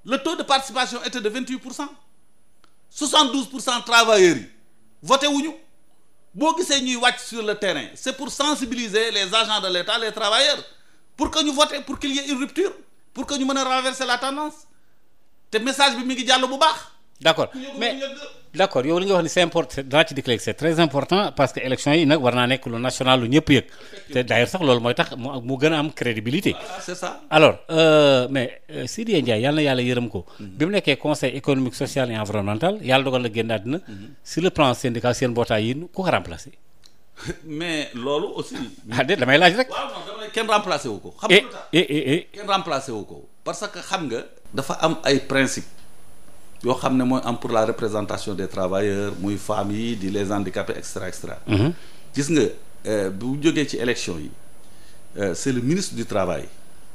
le taux de participation était de vingt huit pour cent soixante douze pour cent travailleurs yi voté wuñu boo gisee ñuy wàcc sur le terrain c'est pour sensibiliser les agents de l'État les travailleurs pour que ñu vote pour qu'il y une rupture pour que ñu mën a renverser la tendance te message bi mi ngi jàll bu baax d' accord mais d' accord yow li nga wax ni c' est important parce que élection yi nag war naa nekk lu national lu ñëpp yëg te d' ailleurs sax loolu mooy tax mu gën a am crédibilité. Ah, ah, c' est ça alors euh, mais euh, Sidya yal na yàlla yërëm ko. Mhm. bi mu nekkee conseil économique social et environnemental yàlla dogal na génn àddina. Mhm. sur le plan syndical seen mbootaay yi ku ko remplacé. mais loolu aussi. ah déet damay laaj rek. waaw damay kenn remplacé wu ko. xam nga eh, lu eh, eh, wu ko. parce que xam nga. dafa am ay principe yoo xam ne mooy am pour la représentation des travailleurs muy femmes yi di les handicapés et cetera mhm. gis nga euh, bu jógee ci élection yi euh, c'est le ministre du travail.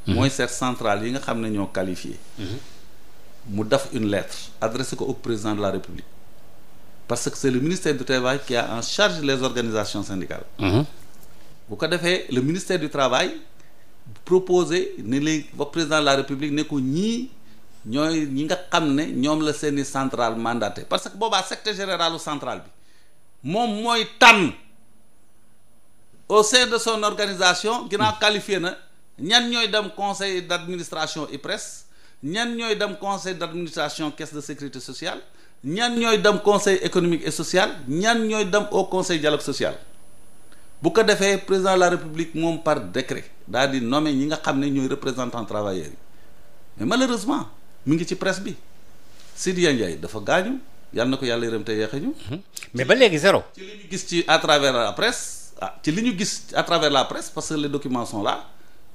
Mhm. mooy seet centrale yi nga xam ne ñoo qualifié. Mhm. mu def une lettre adressée ko au président de la république parce que c'est le ministère du travail qui a en charge les organisations syndicales. bu ko defee le ministère du travail proposé ne léegi ba président de la république ne ko ñooy ñi nga xam ne ñoom la seeni central mandaté parce que boobaa secteur général central bi moom mooy tànn au sein de son organisation ginnaaw qualifié na ñan ñooy dem conseil d'administration IPRES ñan ñooy dem conseil d'administration kes de sécurité sociale ñan ñooy dem conseil économique et social ñan ñooy dem au conseil dialogue social bu ko defee président de la république moom par décret daal di nommer ñi nga xam ne ñooy représentant travailleurs yi mi ngi ci presse bi Sidya Ndiaye dafa gaañu yàlla na ko yàlla yërëm te yeexañu mhm. mais ba léegi zéro. ci li ñu gis ci à travers la presse ah, ci li ñu gis à travers la presse parce que les documents sont là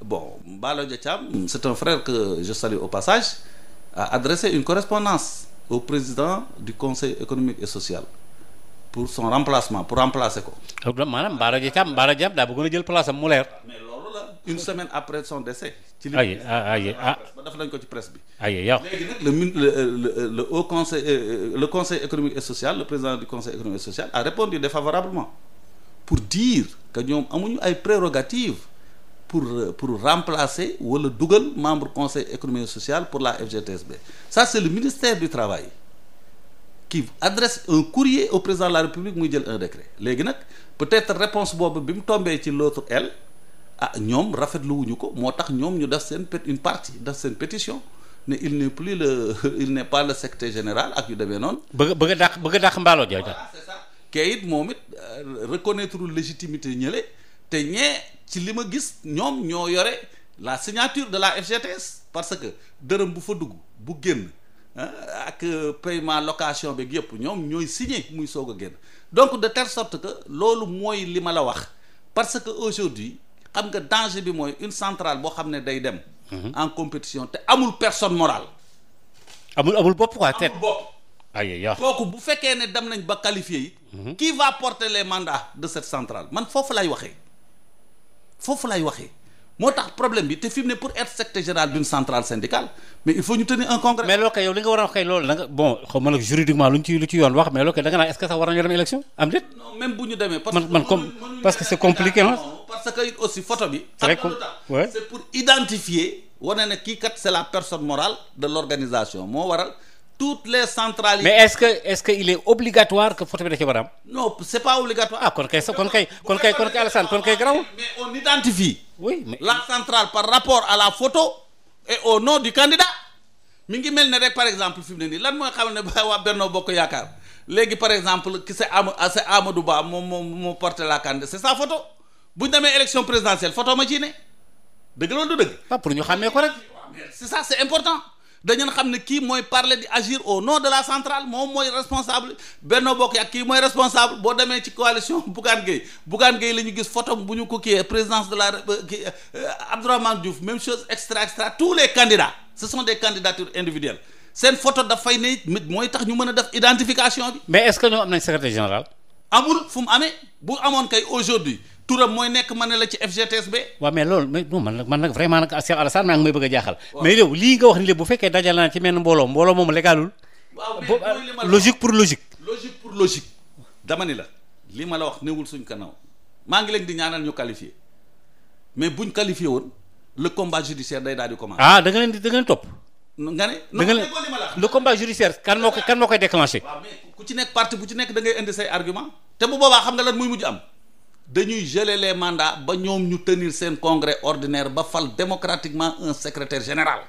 bon Mballo Dia Thiam c'est un frère que je salue au passage a adressé une correspondance au président du conseil économique et social pour son remplacement pour remplacer ko. maanaam Mballo Dia Thiam Mballo daa bëggoon a jël place am mu une semaine après son décès. ci li ay ay ah ba def nañ ko ci presse bi. ay yow léegi nag le min le le haut conseil euh, euh, le conseil économique et social le président du conseil économique et social a répondu défavorablement pour dire que ñoom amuñu ay prérogatives pour euh, pour remplacer wala dugal membre conseil économique et social pour la FGTSB ça c'est le ministère du travail. qui adresse un courrier au président de la République muy jël un décret léegi nag peut-être réponse boobu bi mu tombee ci l'autre aile ah ñoom rafetlu wuñu ko moo tax ñoom ñu def seen une partie def seen pétition ne il n'est plus le il n'est pas le secrétaire général ak yu demee noonu. bëgg bëgg a dàq bëgg a dàq mbaalo jooju. voilà c'est ça kayit moom it euh, reconnaître légitimité ñële te ñee ci li ma gis ñoom ñoo yore la signature de la FGTS parce que dërëm bu fa dugg bu génn ah, ak euh, paiement location beeg yëpp ñoom ñooy signé muy soog a génn donc de telle sorte que loolu mooy li ma la wax parce que aujourd'hui xam nga danger bi mooy une centrale boo xam ne day dem. en compétition te amul personne morale. amul amul bopp quoi tête amul bopp. ayi kooku bu fekkee ne dem nañ ba qualifié yi. Mhm. qui va porter les mandats de centrale man foofu lay waxee foofu lay waxee. moo tax problème bi te fi ne pour être secrétaire général d'une centrale syndicale mais il faut ñu tenir un congrès. mais loolu kay yow li nga war a wax kay loolu da nga bon xaw ma nag juridiquement lu ñu ci lu ci yoon wax parce que it aussi photo bi. c' est c'est pour identifier wane ne kii kat c'est la personne morale de l'organisation moo waral. toutes les centrales. mais est-ce que est-ce que il est obligatoire que photo bi da ci war a am. non c'est pas obligatoire. ah kon kay kon kon kay kon kay Alassane kon kay garaawul. mais on identifie. oui la centrale par rapport à la photo et au nom du candidat mi ngi mel ne rek par exemple fi mu ne nii lan mooy xam ne waa Benno Bokk Yaakaar léegi par exemple ki Ba moom moo moo porté la bu ñu demee élection présidentielle photo ma ci ne dëgg la du dëgg. ah pour ñu ko rek. c'est ça c'est important dañu xam ne kii mooy parler di agir au non de la centrale moom mooy responsable Benno Bokk Yaakaar kii mooy responsable boo demee ci coalition Bougane Gueye Bougane Gueye la ñu gis photo bu ñu ko kiiyee présidence de la euh, kii euh, Abdourahmane Diouf même chose extra extra tous les candidats ce sont des candidatures individuelles seen photo dafay ne mooy tax ñu mën a def identification mais est-ce que ñoo am nañ secrétaire fu mu amee bu amoon kay aujourd'hui turam mooy nekk ma ne la ci FGTSB. waaw mais loolu mais man nag man nag vraiment nag Cheikh Alassane maa ngi may bëgg a jaaxal. mais yow lii nga wax ni lépp bu fekkee dajal naa ci menn mbooloo mbooloo moom légalul. logique pour logique. logique pour logique. dama ni la lii ma la wax newul suñ kanam maa ngi leen di ñaanal ñu qualifié mais buñ qualifié woon le combat judiciaire day daal di commencer. ah da nga leen di da nga leen topp. nga ne da nga leen le combat judiciaire kan moo koy kan moo koy déclenché. ku ci nekk parti bu ci nekk da ngay indi say argument te bu boobaa xam nga lan muy mujj am. dañuy geler les mandats ba ñoom ñu tenir seen congrès ordinaire ba fal démocratiquement un secrétaire général.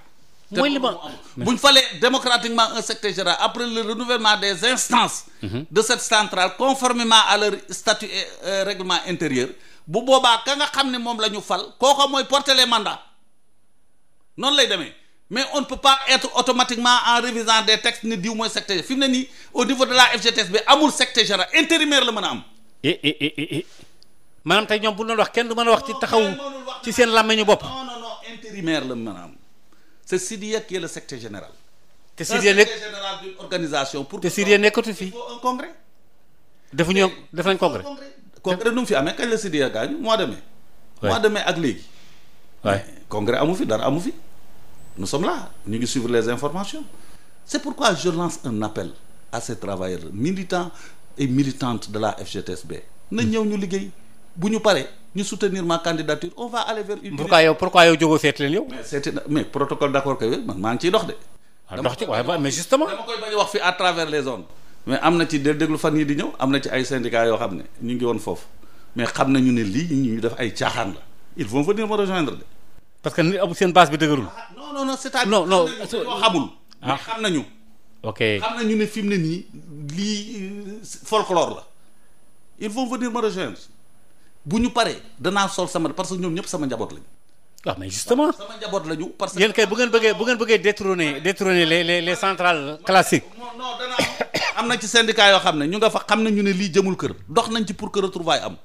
mooy li ma bu ñu falee démocratiquement un secrétaire général après le renouvellement des instances. Mhm. de cette centrale conformément à leur statut et euh, règlement intérieur. bu boobaa ka nga xam ne moom la ñu fal kooka mooy porter les mandats noonu lay demee mais on ne peut pas être automatiquement en révisant des textes ne diw mooy secrétaire fi mu ne nii au niveau de la FGTS bi amul secrétaire général intérimaire la mën a am. maanaam tey ñoom bu doon wax kenn du mën a wax ci taxaw ci seen làmmiñu bopp. non non non intérimaire la maanaam c'est Sidya qui est le secrétaire général. te Sidya nekk secrétaire général d'une organisation pour. te Sidya nekkatu fi un defu ñu def nañ congrès. congrès nu mu fi amee kañ la Sidya gaañu mois de mai. mois de mai ak léegi. waay congrès amu fi dara amu fi. nu sommes là ñu ngi suivre les informations. c'est pourquoi je lance un appel à ces travailleurs militants et militantes de la FGTSB. na ñëw ñu liggéey. bu ñu paree ñu soutenir ma candidature on va aller vers une. pourquoi yow pourquoi yow jógoo seet leen yow. mais seeti mais protocole d'accord kay man maa ngi dox de. Ah, dox ci waaye mais justement wax fi à travers les mais am na ci de déglu fan yi di ñëw am na ci ay syndicats yoo xam ne ñu ngi woon foofu mais xam na ñu ne lii ñu def ay caaxaan la ils vont venir me rejoindre de. parce que ni abu seen base bi dëgërul. Ah, non non non c'est-à-dire non non ah. xamul. ah xam nañu. ok ne fi mu ne nii lii euh, folklore la ils vont venir me bu ñu paree danaa sol sama parce que ñoom ñëpp sama njaboot lañu. waaw ah, mais justement njaboot lañu parce que. yéen kay bu ngeen bëggee bu ngeen bëggee détrôner détrôner les les les centrales classiques. am na ci syndicat yoo xam ne ñu nga fa xam ne ñu ne lii jëmul kër dox nañ ci pour que retrouvaille am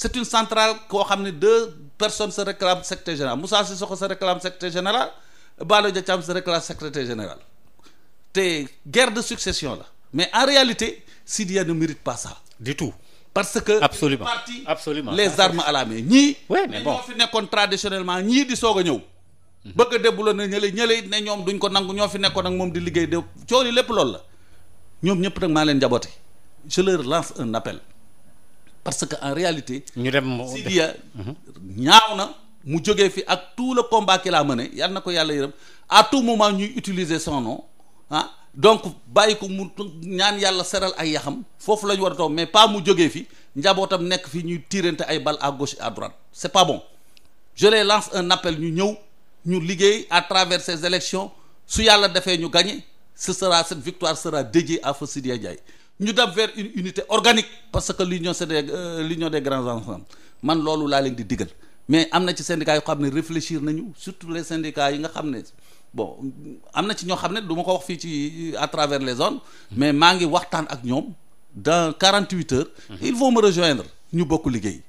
c'est une centrale koo xam ne deux personnes se réclament secrétaire général Moussa Sissoko se réclame secrétaire général Balo Dia Thiam se réclame secrétaire général te guerre de succession la mais en réalité Sidya ne mérite pas ça. du tout. parce que absolument parti absolument les armes à la main ñii mais ñoo fi nekkoon traditionnellement ñii di soog ñëw bëgg a la na ñële ñële ne ñoom duñ ko nangu ñoo fi nekkoon ak moom di liggéey de cool lépp loolu la ñoom ñëpp nag maa leen njaboote je leur lance un appel parce que en réalité ñu dem Sidia mhm. ñaaw na mu jógee fi ak tout le combat qu'il a mené yal na ko yàlla yërëm à tout moment ñuy utiliser sono donc bàyyi ko mu ñaan yàlla seral ay yaxam foofu la ñu war a taw mais pas mu jógee fi njabootam nekk fi ñuy tiirante ay bal à gauche à droite c'est pas bon je lance un appel ñu ñëw ñu liggéey à travers ces élections su yàlla defee ñu gagné ce sera cette victoire sera dédiée à Feu Sidya Ndiaye ñu dem vers une unité organique parce que l'union c'est des euh, l'union des grands ensembles man loolu laa leen di digal mais am na ci syndicats yoo xam ne réfléchir nañu surtout les syndicats yi nga xam ne bon am na ci ñoo xam ne du ma ko wax fii ci à travers les zones mais maa ngi waxtaan ak ñoom dans quarante huit heures mhm. ils vont me rejoindre ñu bokk liggéey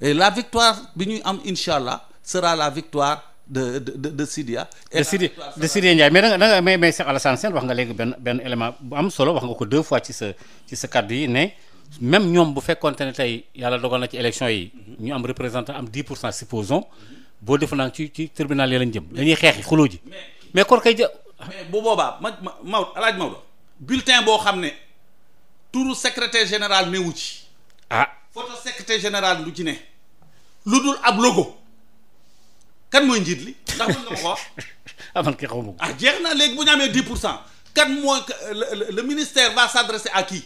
et la victoire bi ñuy am incha allah sera la victoire de de de de Sidia. de Sidia de Sidia Ndiaye mais da nga mais mais Cheikh Alassane Sène wax nga léegi benn benn élément bu am solo wax nga ko deux fois ci sa ci sa kàddu yi ne même ñoom bu fekkonte ne tey yàlla dogal na ci élection yi. Mhm. ñu am représentant am 10 pour cent supposons boo defoon naa ci ci tribunal yi lañ jëm dañuy xeexi xuloo ji. mais kon kay ja. bu boobaa ma ma Maodo El ma Maodo. bulletin boo xam ne turu secrétaire général newu ci. ah photo secrétaire général lu ci ne. lu dul ab logo. kan mooy njiit li ndax mën nga ma xaw ah, ma ko. ah na léegi bu amee dix pour cent kan mooy le ministère va s'adresser à qui.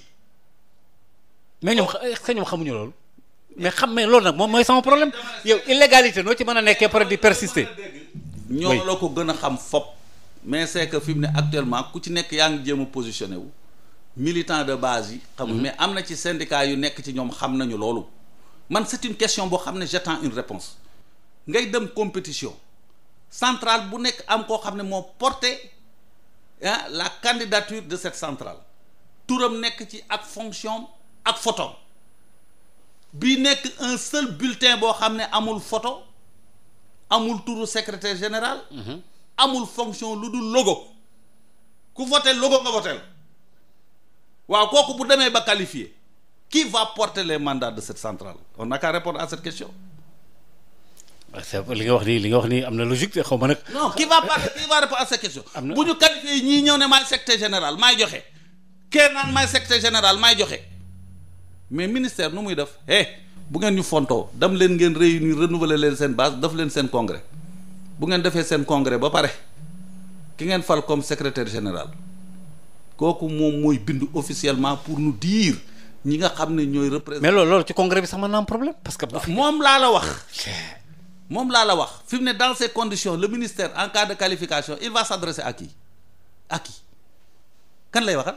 mais ñoom xa ñoom loolu. mais xam mais loolu nag moom mooy sama problème yow illégalité noo ci mën a nekkee par di persister. ñoo la ko gën a xam fop mais c'est que fi mu ne actuellement ku ci nekk yaa ngi jéem a positionné wu militant de base yi xam mhm. mais am na ci syndicat yu nekk ci ñoom xam nañu loolu man c'est une question boo xam ne j'attends une réponse ngay dem compétition centrale bu nekk am koo xam ne moo porté ah la candidature de cette centrale turam nekk ci ak fonction ak photo bi nekk un seul bulletin boo xam ne amul photo amul turu secretaire général mhm. amul fonction lu dul logo ku voté logo nga voté waaw kooku bu demee ba qualifié qui va porter les mandats de set centrale on n'a qu'à répondre à cette question ah, li nga wax nii li nga wax nii am na logique xaw ma nag. non qui va pas qui va répondre à cette question. am na bu ñu qualifié ñii ñëw ne maay secrétaire général maay joxe. kenn naan maay général maay joxe mais ministère nu muy def eh. bu ngeen ñu fonto dem leen ngeen réunir renouveler leen seen base def leen seen congrès bu ngeen defee seen congrès ba pare ki ngeen fal comme secretaire général kooku moom mooy bindu officiellement pour nous dire ñi nga xam ne ñooy représenter. mais loolu ci congrès bi sama mën problème parce que. moom laa la wax. moom laa la wax fi mu ne dans ces conditions le ministère en cas de qualification il va s'adresser à qui à kan lay waxal.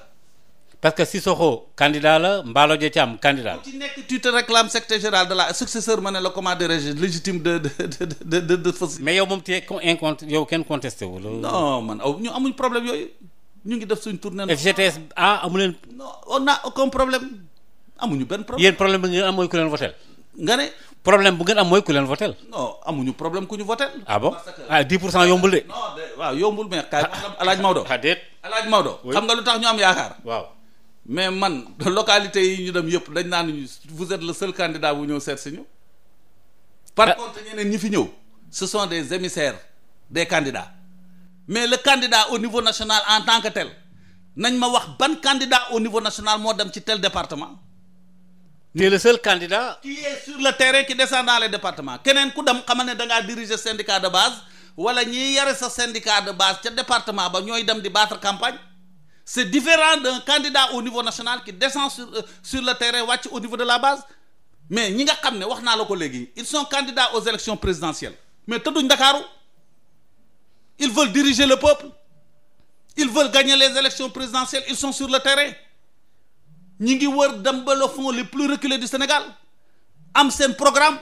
parce que Sissoko candidat la Mballo Dia Thiam candidat la. ku ci nekk tu de la successeur ma ne la comment dirais-je légitime de de de de de mais yow moom tey con inconte yow kenn contesté man aw ñu amuñ problème yooyu ñu ngi def suñ tournée. FGTS a ah, amuñu problème. yéen problème bi ngeen am mooy ku leen votel nga ne. problème bu ngeen am mooy ku leen votel non amuñu problème ku ñu votel ah bon ah pour cent yombul de. yombul mais. kaay ma ah, xam El mais man localité yi ñu dem yëpp dañ naan ñu vous êtes le seul candidat bu ñëw seet si ñu. par ah. contre ñeneen ñi fi ñëw ce des émissaires des candidats mais le candidat au niveau national en tant que tel nañ ma wax ban candidat au niveau national moo dem ci tell département. c'est le seul candidat. le terrain qui descend dans les départements keneen ku dem xamal ne da ngaa diriger syndicat de base wala ñiy yare sa syndicat de base ca département ba ñooy dem di battre campagne. c'est différent d'un candidat au niveau national qui descend sur euh, sur le terrain wàcc au niveau de la base mais ñi nga xam ne wax naa la ko léegi ils sont candidats aux élections présidentielles mais tëdduñ Ndakaaru ils veulent diriger le peuple ils veulent gagner les élections présidentielles ils sont sur le terrain ñi ngi wër dem ba le fond les plus reculés du Sénégal am seen programme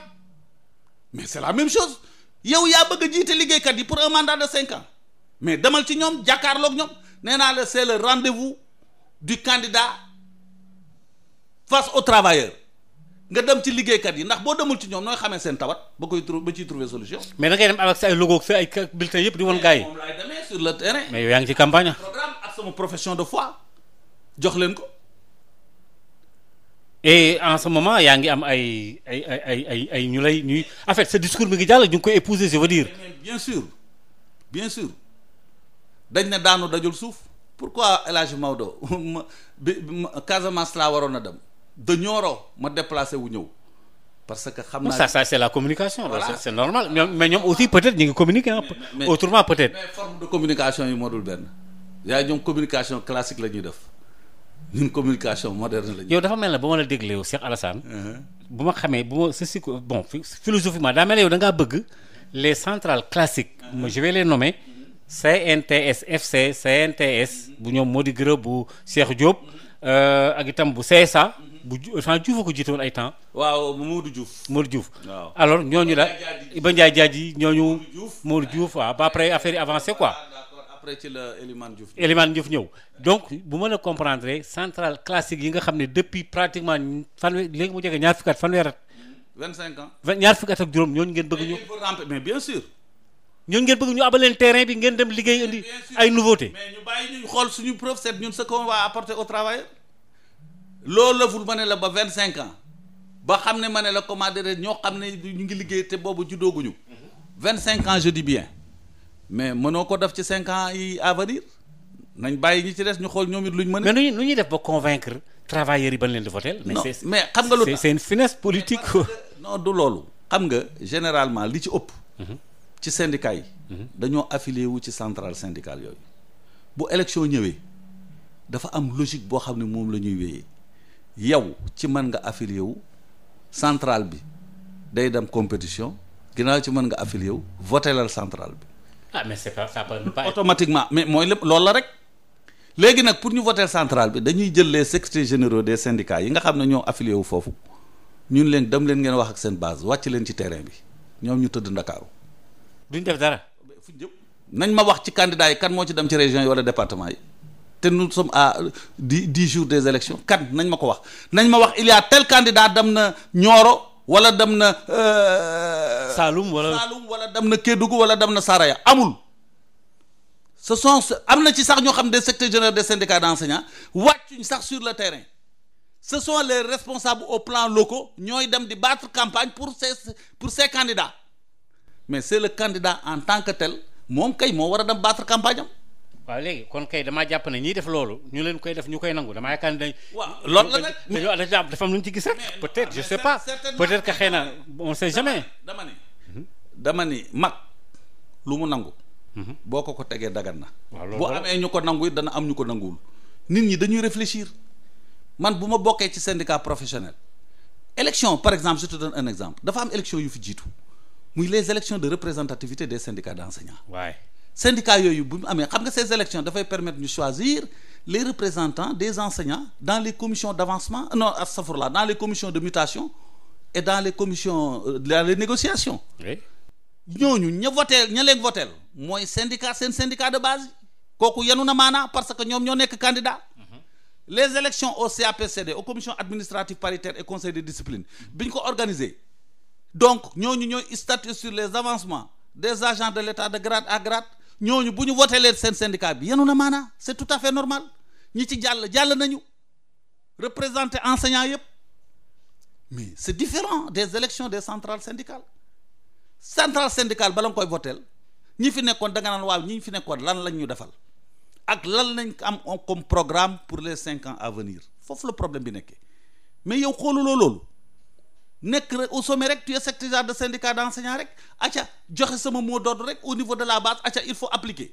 mais c'est la même chose yow yaa bëgg a jiite liggéeykat yi pour un mandat mais demal ci ñoom jàkkaarloog ñoom nee naa la c'est le rendez-vous du candidat face aux travailleurs nga dem ci liggéeykat yi ndax boo demul ci ñoom nooy xamee seen tawat ba koy ba ciy trouver solution. mais da ngay dem avec sa ay logo ak sa ay bulletins yëpp di woon gars yi. le terrain. mais yow yaa ngi ci campagne ah. programme ak sama profession de foi jox leen ko. et en ce moment yaa ngi am ay ay ay ay ay ñu lay ñuy en fait ce discours bi ngi jàll ñu ngi koy épouser je veux dire. bien sur bien sûr. dañ ne daanu dajul suuf pourquoi El Hadj Maodo ma bi Casamance laa waroon a dem de Nioro ma déplacé wu ñëw parce que xam naa. ça ça c'est la communication. voilà c'est, c'est normal mais mais ñoom aussi peut-être ñu ngi communiquer mais autrement peut-être. mais forme de communication yi moo dul benn. yaa ñoom communication classique la ñuy def ñun communication moderne la ñuy. yow dafa mel ne ba ma la déglee yow Cheikh Alassane. Uh-huh. bu ma xamee bu ma ceci bon philosophiquement daa mel ne yow da ngaa bëgg les centrales classiques. Uh-huh. je vais les nommer. CNTS FC CNTS bu ñoom moo di gërëm bu Cheikh Diop euh, ak itam bu CSA. bu euh, Jean Diouf a ko jiite woon ay temps. waaw Modou Diouf. Modou Diouf waaw alors ñooñu la. Iba Ndiaye Diadji ñooñu. Modou Diouf waaw ba après affaire yi avancé quoi. Ah, après ci la Elimane Diouf. Elimane Diouf ñëw donc bu mën a comprendre central classique yi nga xam ne depuis pratiquement fan léegi mu jege ñaar fukki at fanweer at. 25 ans. ñaar fukki ak juróom ñooñu ngeen bëgg ñu. mais bien sûr. ñooñ ngeen bëgg ñu leen terrain bi ngeen dem liggéey indi ay nouveauté mais ñu bàyyi ñu xool suñu preuve c'est ñun ce qu'on va apporter au travail loolu la ful ma ne la ba vingt cinq ans ba xam ne ma ne la commandé ñoo xam ne ñu ngi liggéey te boobu juddooguñu vingt cinq ans je bien mais mënoo ko def ci cinq ans yi à venir nañ bàyyi ñi ci des ñu xool ñoom it ñu mën mais nu ñuy def ba convaincre travailleurs yi ban leen di voter mais mais xam nga lu c'est une finesse politique non du loolu xam nga généralement li ci ëpp mhm. ci syndicat yi. Mhm. dañoo affilié wu ci centrale syndicale yooyu. bu élection ñëwee dafa am logique boo xam ne moom la ñuy wéyee yow ci man nga affilié wu centrale bi day dem compétition ginnaaw ci mën nga affilié wu votelal centrale bi. ah mais c'est pas ça automatiquement mais mooy lépp loolu la rek. léegi nag pour ñu voter centrale bi dañuy jël les secrétaires généraux de syndicats yi nga xam ne ñoo affilié wu foofu ñun leen dem leen ngeen wax ak seen base wàcc leen ci terrain bi ñoom ñu tëdd ndakaaru duñ def dara. fu jëm nañ ma wax ci candidat yi kan moo ci dem ci région yi wala département yi te nous sommes a di di jour des élections kan nañ ma ko wax nañ ma wax il y a tel candidat dem na Nioro wala dem na. Euh, Saloum wala Saloum wala dem na Kédougou wala dem na Saraya amul. ce sont am na ci sax ñoo xam des secteurs généraux des syndicats d'enseignants wàccuñ sax sur le terrain ce sont le responsables au plan locaux ñooy dem di battre campagne pour ces pour ces candidats. mais c'est le candidat en tant que tel moom kay moo war a dem battre campagne am. waaw léegi kon kay damaa jàpp na ñiy def loolu ñu leen koy def ñu koy nangu damaa yaakaar ne am lu ñu ci gis rek. peut-être na on sait jamais. dama ni mhm. dama ni mag lu mu nangu. Mhm. boo ko ko tegee dagan na. waaw boo amee ñu ko nangu it dana am ñu ko nanguwul. nit ñi dañuy réfléchir man bu ma bokkee ci syndicat professionnel. élection par exemple je te un exemple dafa am élection yu fi jiitu. muy les élections de représentativité des syndicats d'enseignants. waay syndicats yooyu bu mu amee xam nga ces élections dafay permettre ñu choisir les représentants des enseignants dans les commissions d'avancement euh, non astafurlah dans les commissions de mutation et dans les commissions euh, dans les négociations. oui ñooñu ña voteel ña leen voteel mooy syndicat seen syndicat de base kooku yenu na maana parce que ñoom ñoo nekk candidat. Mhm. les élections au CAPCD aux commissions administratives paritaires et conseil de discipline bi ñu donc ñooñu ñooy statut sur les avancements des agents de l'État de grade à grade ñooñu bu ñu voté seen syndicat bi yenu na maanaa c'est tout à fait normal ñi ci jàll jàll nañu représenté enseignants yëpp mais c'est différent des élections des centrales syndicales centrale syndicale bala nga koy voteel ñi fi nekkoon da nga naan waaw ñi fi nekkoon lan lañ ñu defal ak lan lañ am comme programme pour les cinq ans à venir foofu la problème bi nekkee mais yow xooluloo loolu nekk rek au sommet rek tu es secrétaire de syndicat d'enseignants rek aca joxe sama mot d'ordre rek au niveau de la base aca il faut appliquer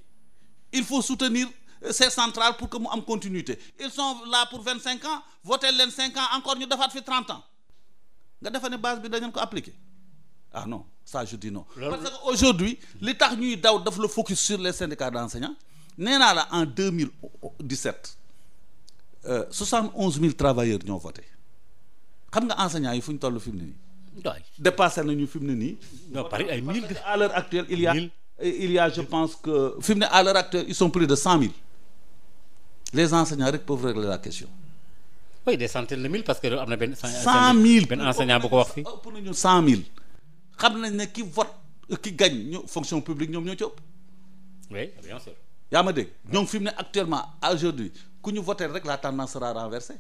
il faut soutenir euh, ces centrales pour que mu am continuité ils sont là pour vingt cinq ans voté leen cinq ans encore ñu defaat fi trente ans nga defa ne base bi dañu ko appliquer ah non ça je dis non parce que aujourd'hui li tax ñuy daw daf le focus sur les syndicats d'enseignants nee naa la en 2017 soixante onze mille travailleurs ñoo voté xam nga enseignants yi fu ñu toll fi mu nii. waay dépassé nañu fi mu ne nii. non Paris ay mille à l'heure actuelle il y a. pense que fi mu ne plus de cent mille les enseignants rek peuvent régler la question. oui des mille parce que am na benn. cent mille benn enseignant bu ko wax fii. ëpp nañu cent mille. xam nañ ne ki vote ki gagne ñu fonction publique ñoom ñoo ci ëpp. oui yaa ma dégg ñoom fi mu ne actuellement aujourd'hui ku ñu voté rek la tendance sera renversée.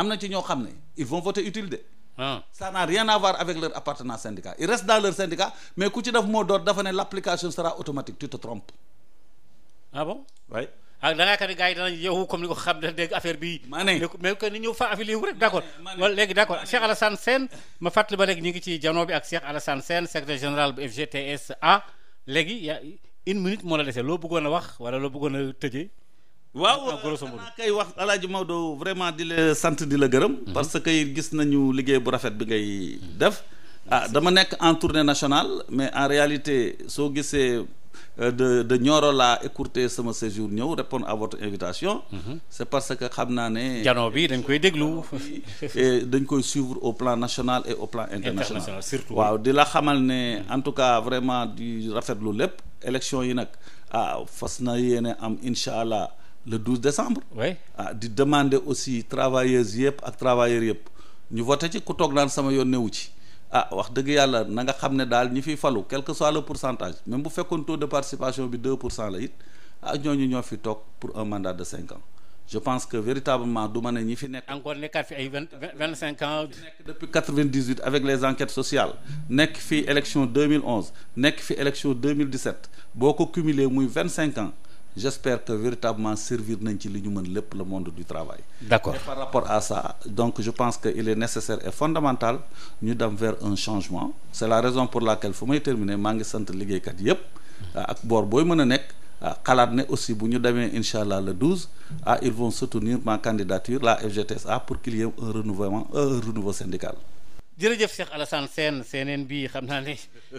am na ci ñoo xam ne ils vont voter utile de. ah ça n'a rien à voir avec leur appartenance syndicale ils restent dans leur syndicat mais ku ci def moo d'ordre dafa ne l'application sera automatique tu te trompes. ah bon oui. ah da ngaa kat gars yi comme ni ko xam ne dégg affaire bi. ma ne mais que ni ñëw fa affilié wu rek d' accord. wala léegi ma fàttali ba léegi ñu ngi ci janoo bi ak Cheikh Alassane Sène secrétaire général bu FGTSA léegi ya une minute moo la dese loo bëggoon a wax wala bëggoon a waaw xanaa kay wax alaaji Maodo vraiment di la sant di la gërëm mhm. parce que gis nañu liggéey bu rafet bi ngay mhm. def ah dama nekk en tournée nationale mais en réalité soo gisee euh, de de Nioro laa écourté sama séjour ñëw répondre à votre invitation. Mm parce que xam naa ne. janoo bi dañ koy déglu. dañ koy suivre au plan national et au plan international. surtout waaw di la xamal ne mhm. en tout cas vraiment di rafetlu lépp. élection yi nag ah fas na yéene am incha allah le 12 décembre. oui ah di demander aussi travailleuses yëpp ak travailleurs yëpp ñu voté ci ku toog naan sama yoon newu ci ah wax dëgg yàlla na nga xam ne daal ñi fi falu quel que soit le pourcentage même bu fekkoon taux de participation bi 2 pour cent la it ah ñooñu ñoo fi toog pour un mandat de 5 ans. je pense que véritablement du ma ne ñi fi nekk. encore nekkaat fi ay vingt vingt cinq ans. nekk depuis quatre vingt dix huit avec les enquêtes sociales nekk fi élection deux mille onze nekk fi élection deux mille dix sept boo ko cumulé muy vingt j'espère que véritablement servir nañ ci li ñu mën lépp le monde du travail. d'accord par rapport à ça donc je pense que il est nécessaire et fondamental ñu dem vers un changement c'est la raison pour laquelle fu may terminer maa ngi sant liggéeykat yépp ah, ak boor booy mën a nekk ah, xalaat ne aussi bu ñu demee incha allah le 12 ah ils vont soutenir ma candidature la FGTSA pour qu'il y ait un renouvellement un renouveau syndical. jërëjëf Cheikh Alassane seen seeneen bi xam naa ne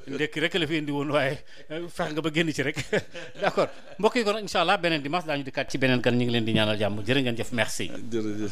ndekki rek la fi indi woon waaye euh, fex nga ba génn ci rek d'accord mbokk yi kon incha allah beneen dimanche daañu dikkaat ci beneen gan ñu ngi leen di ñaanal jàmm jërë ngeen jëf merci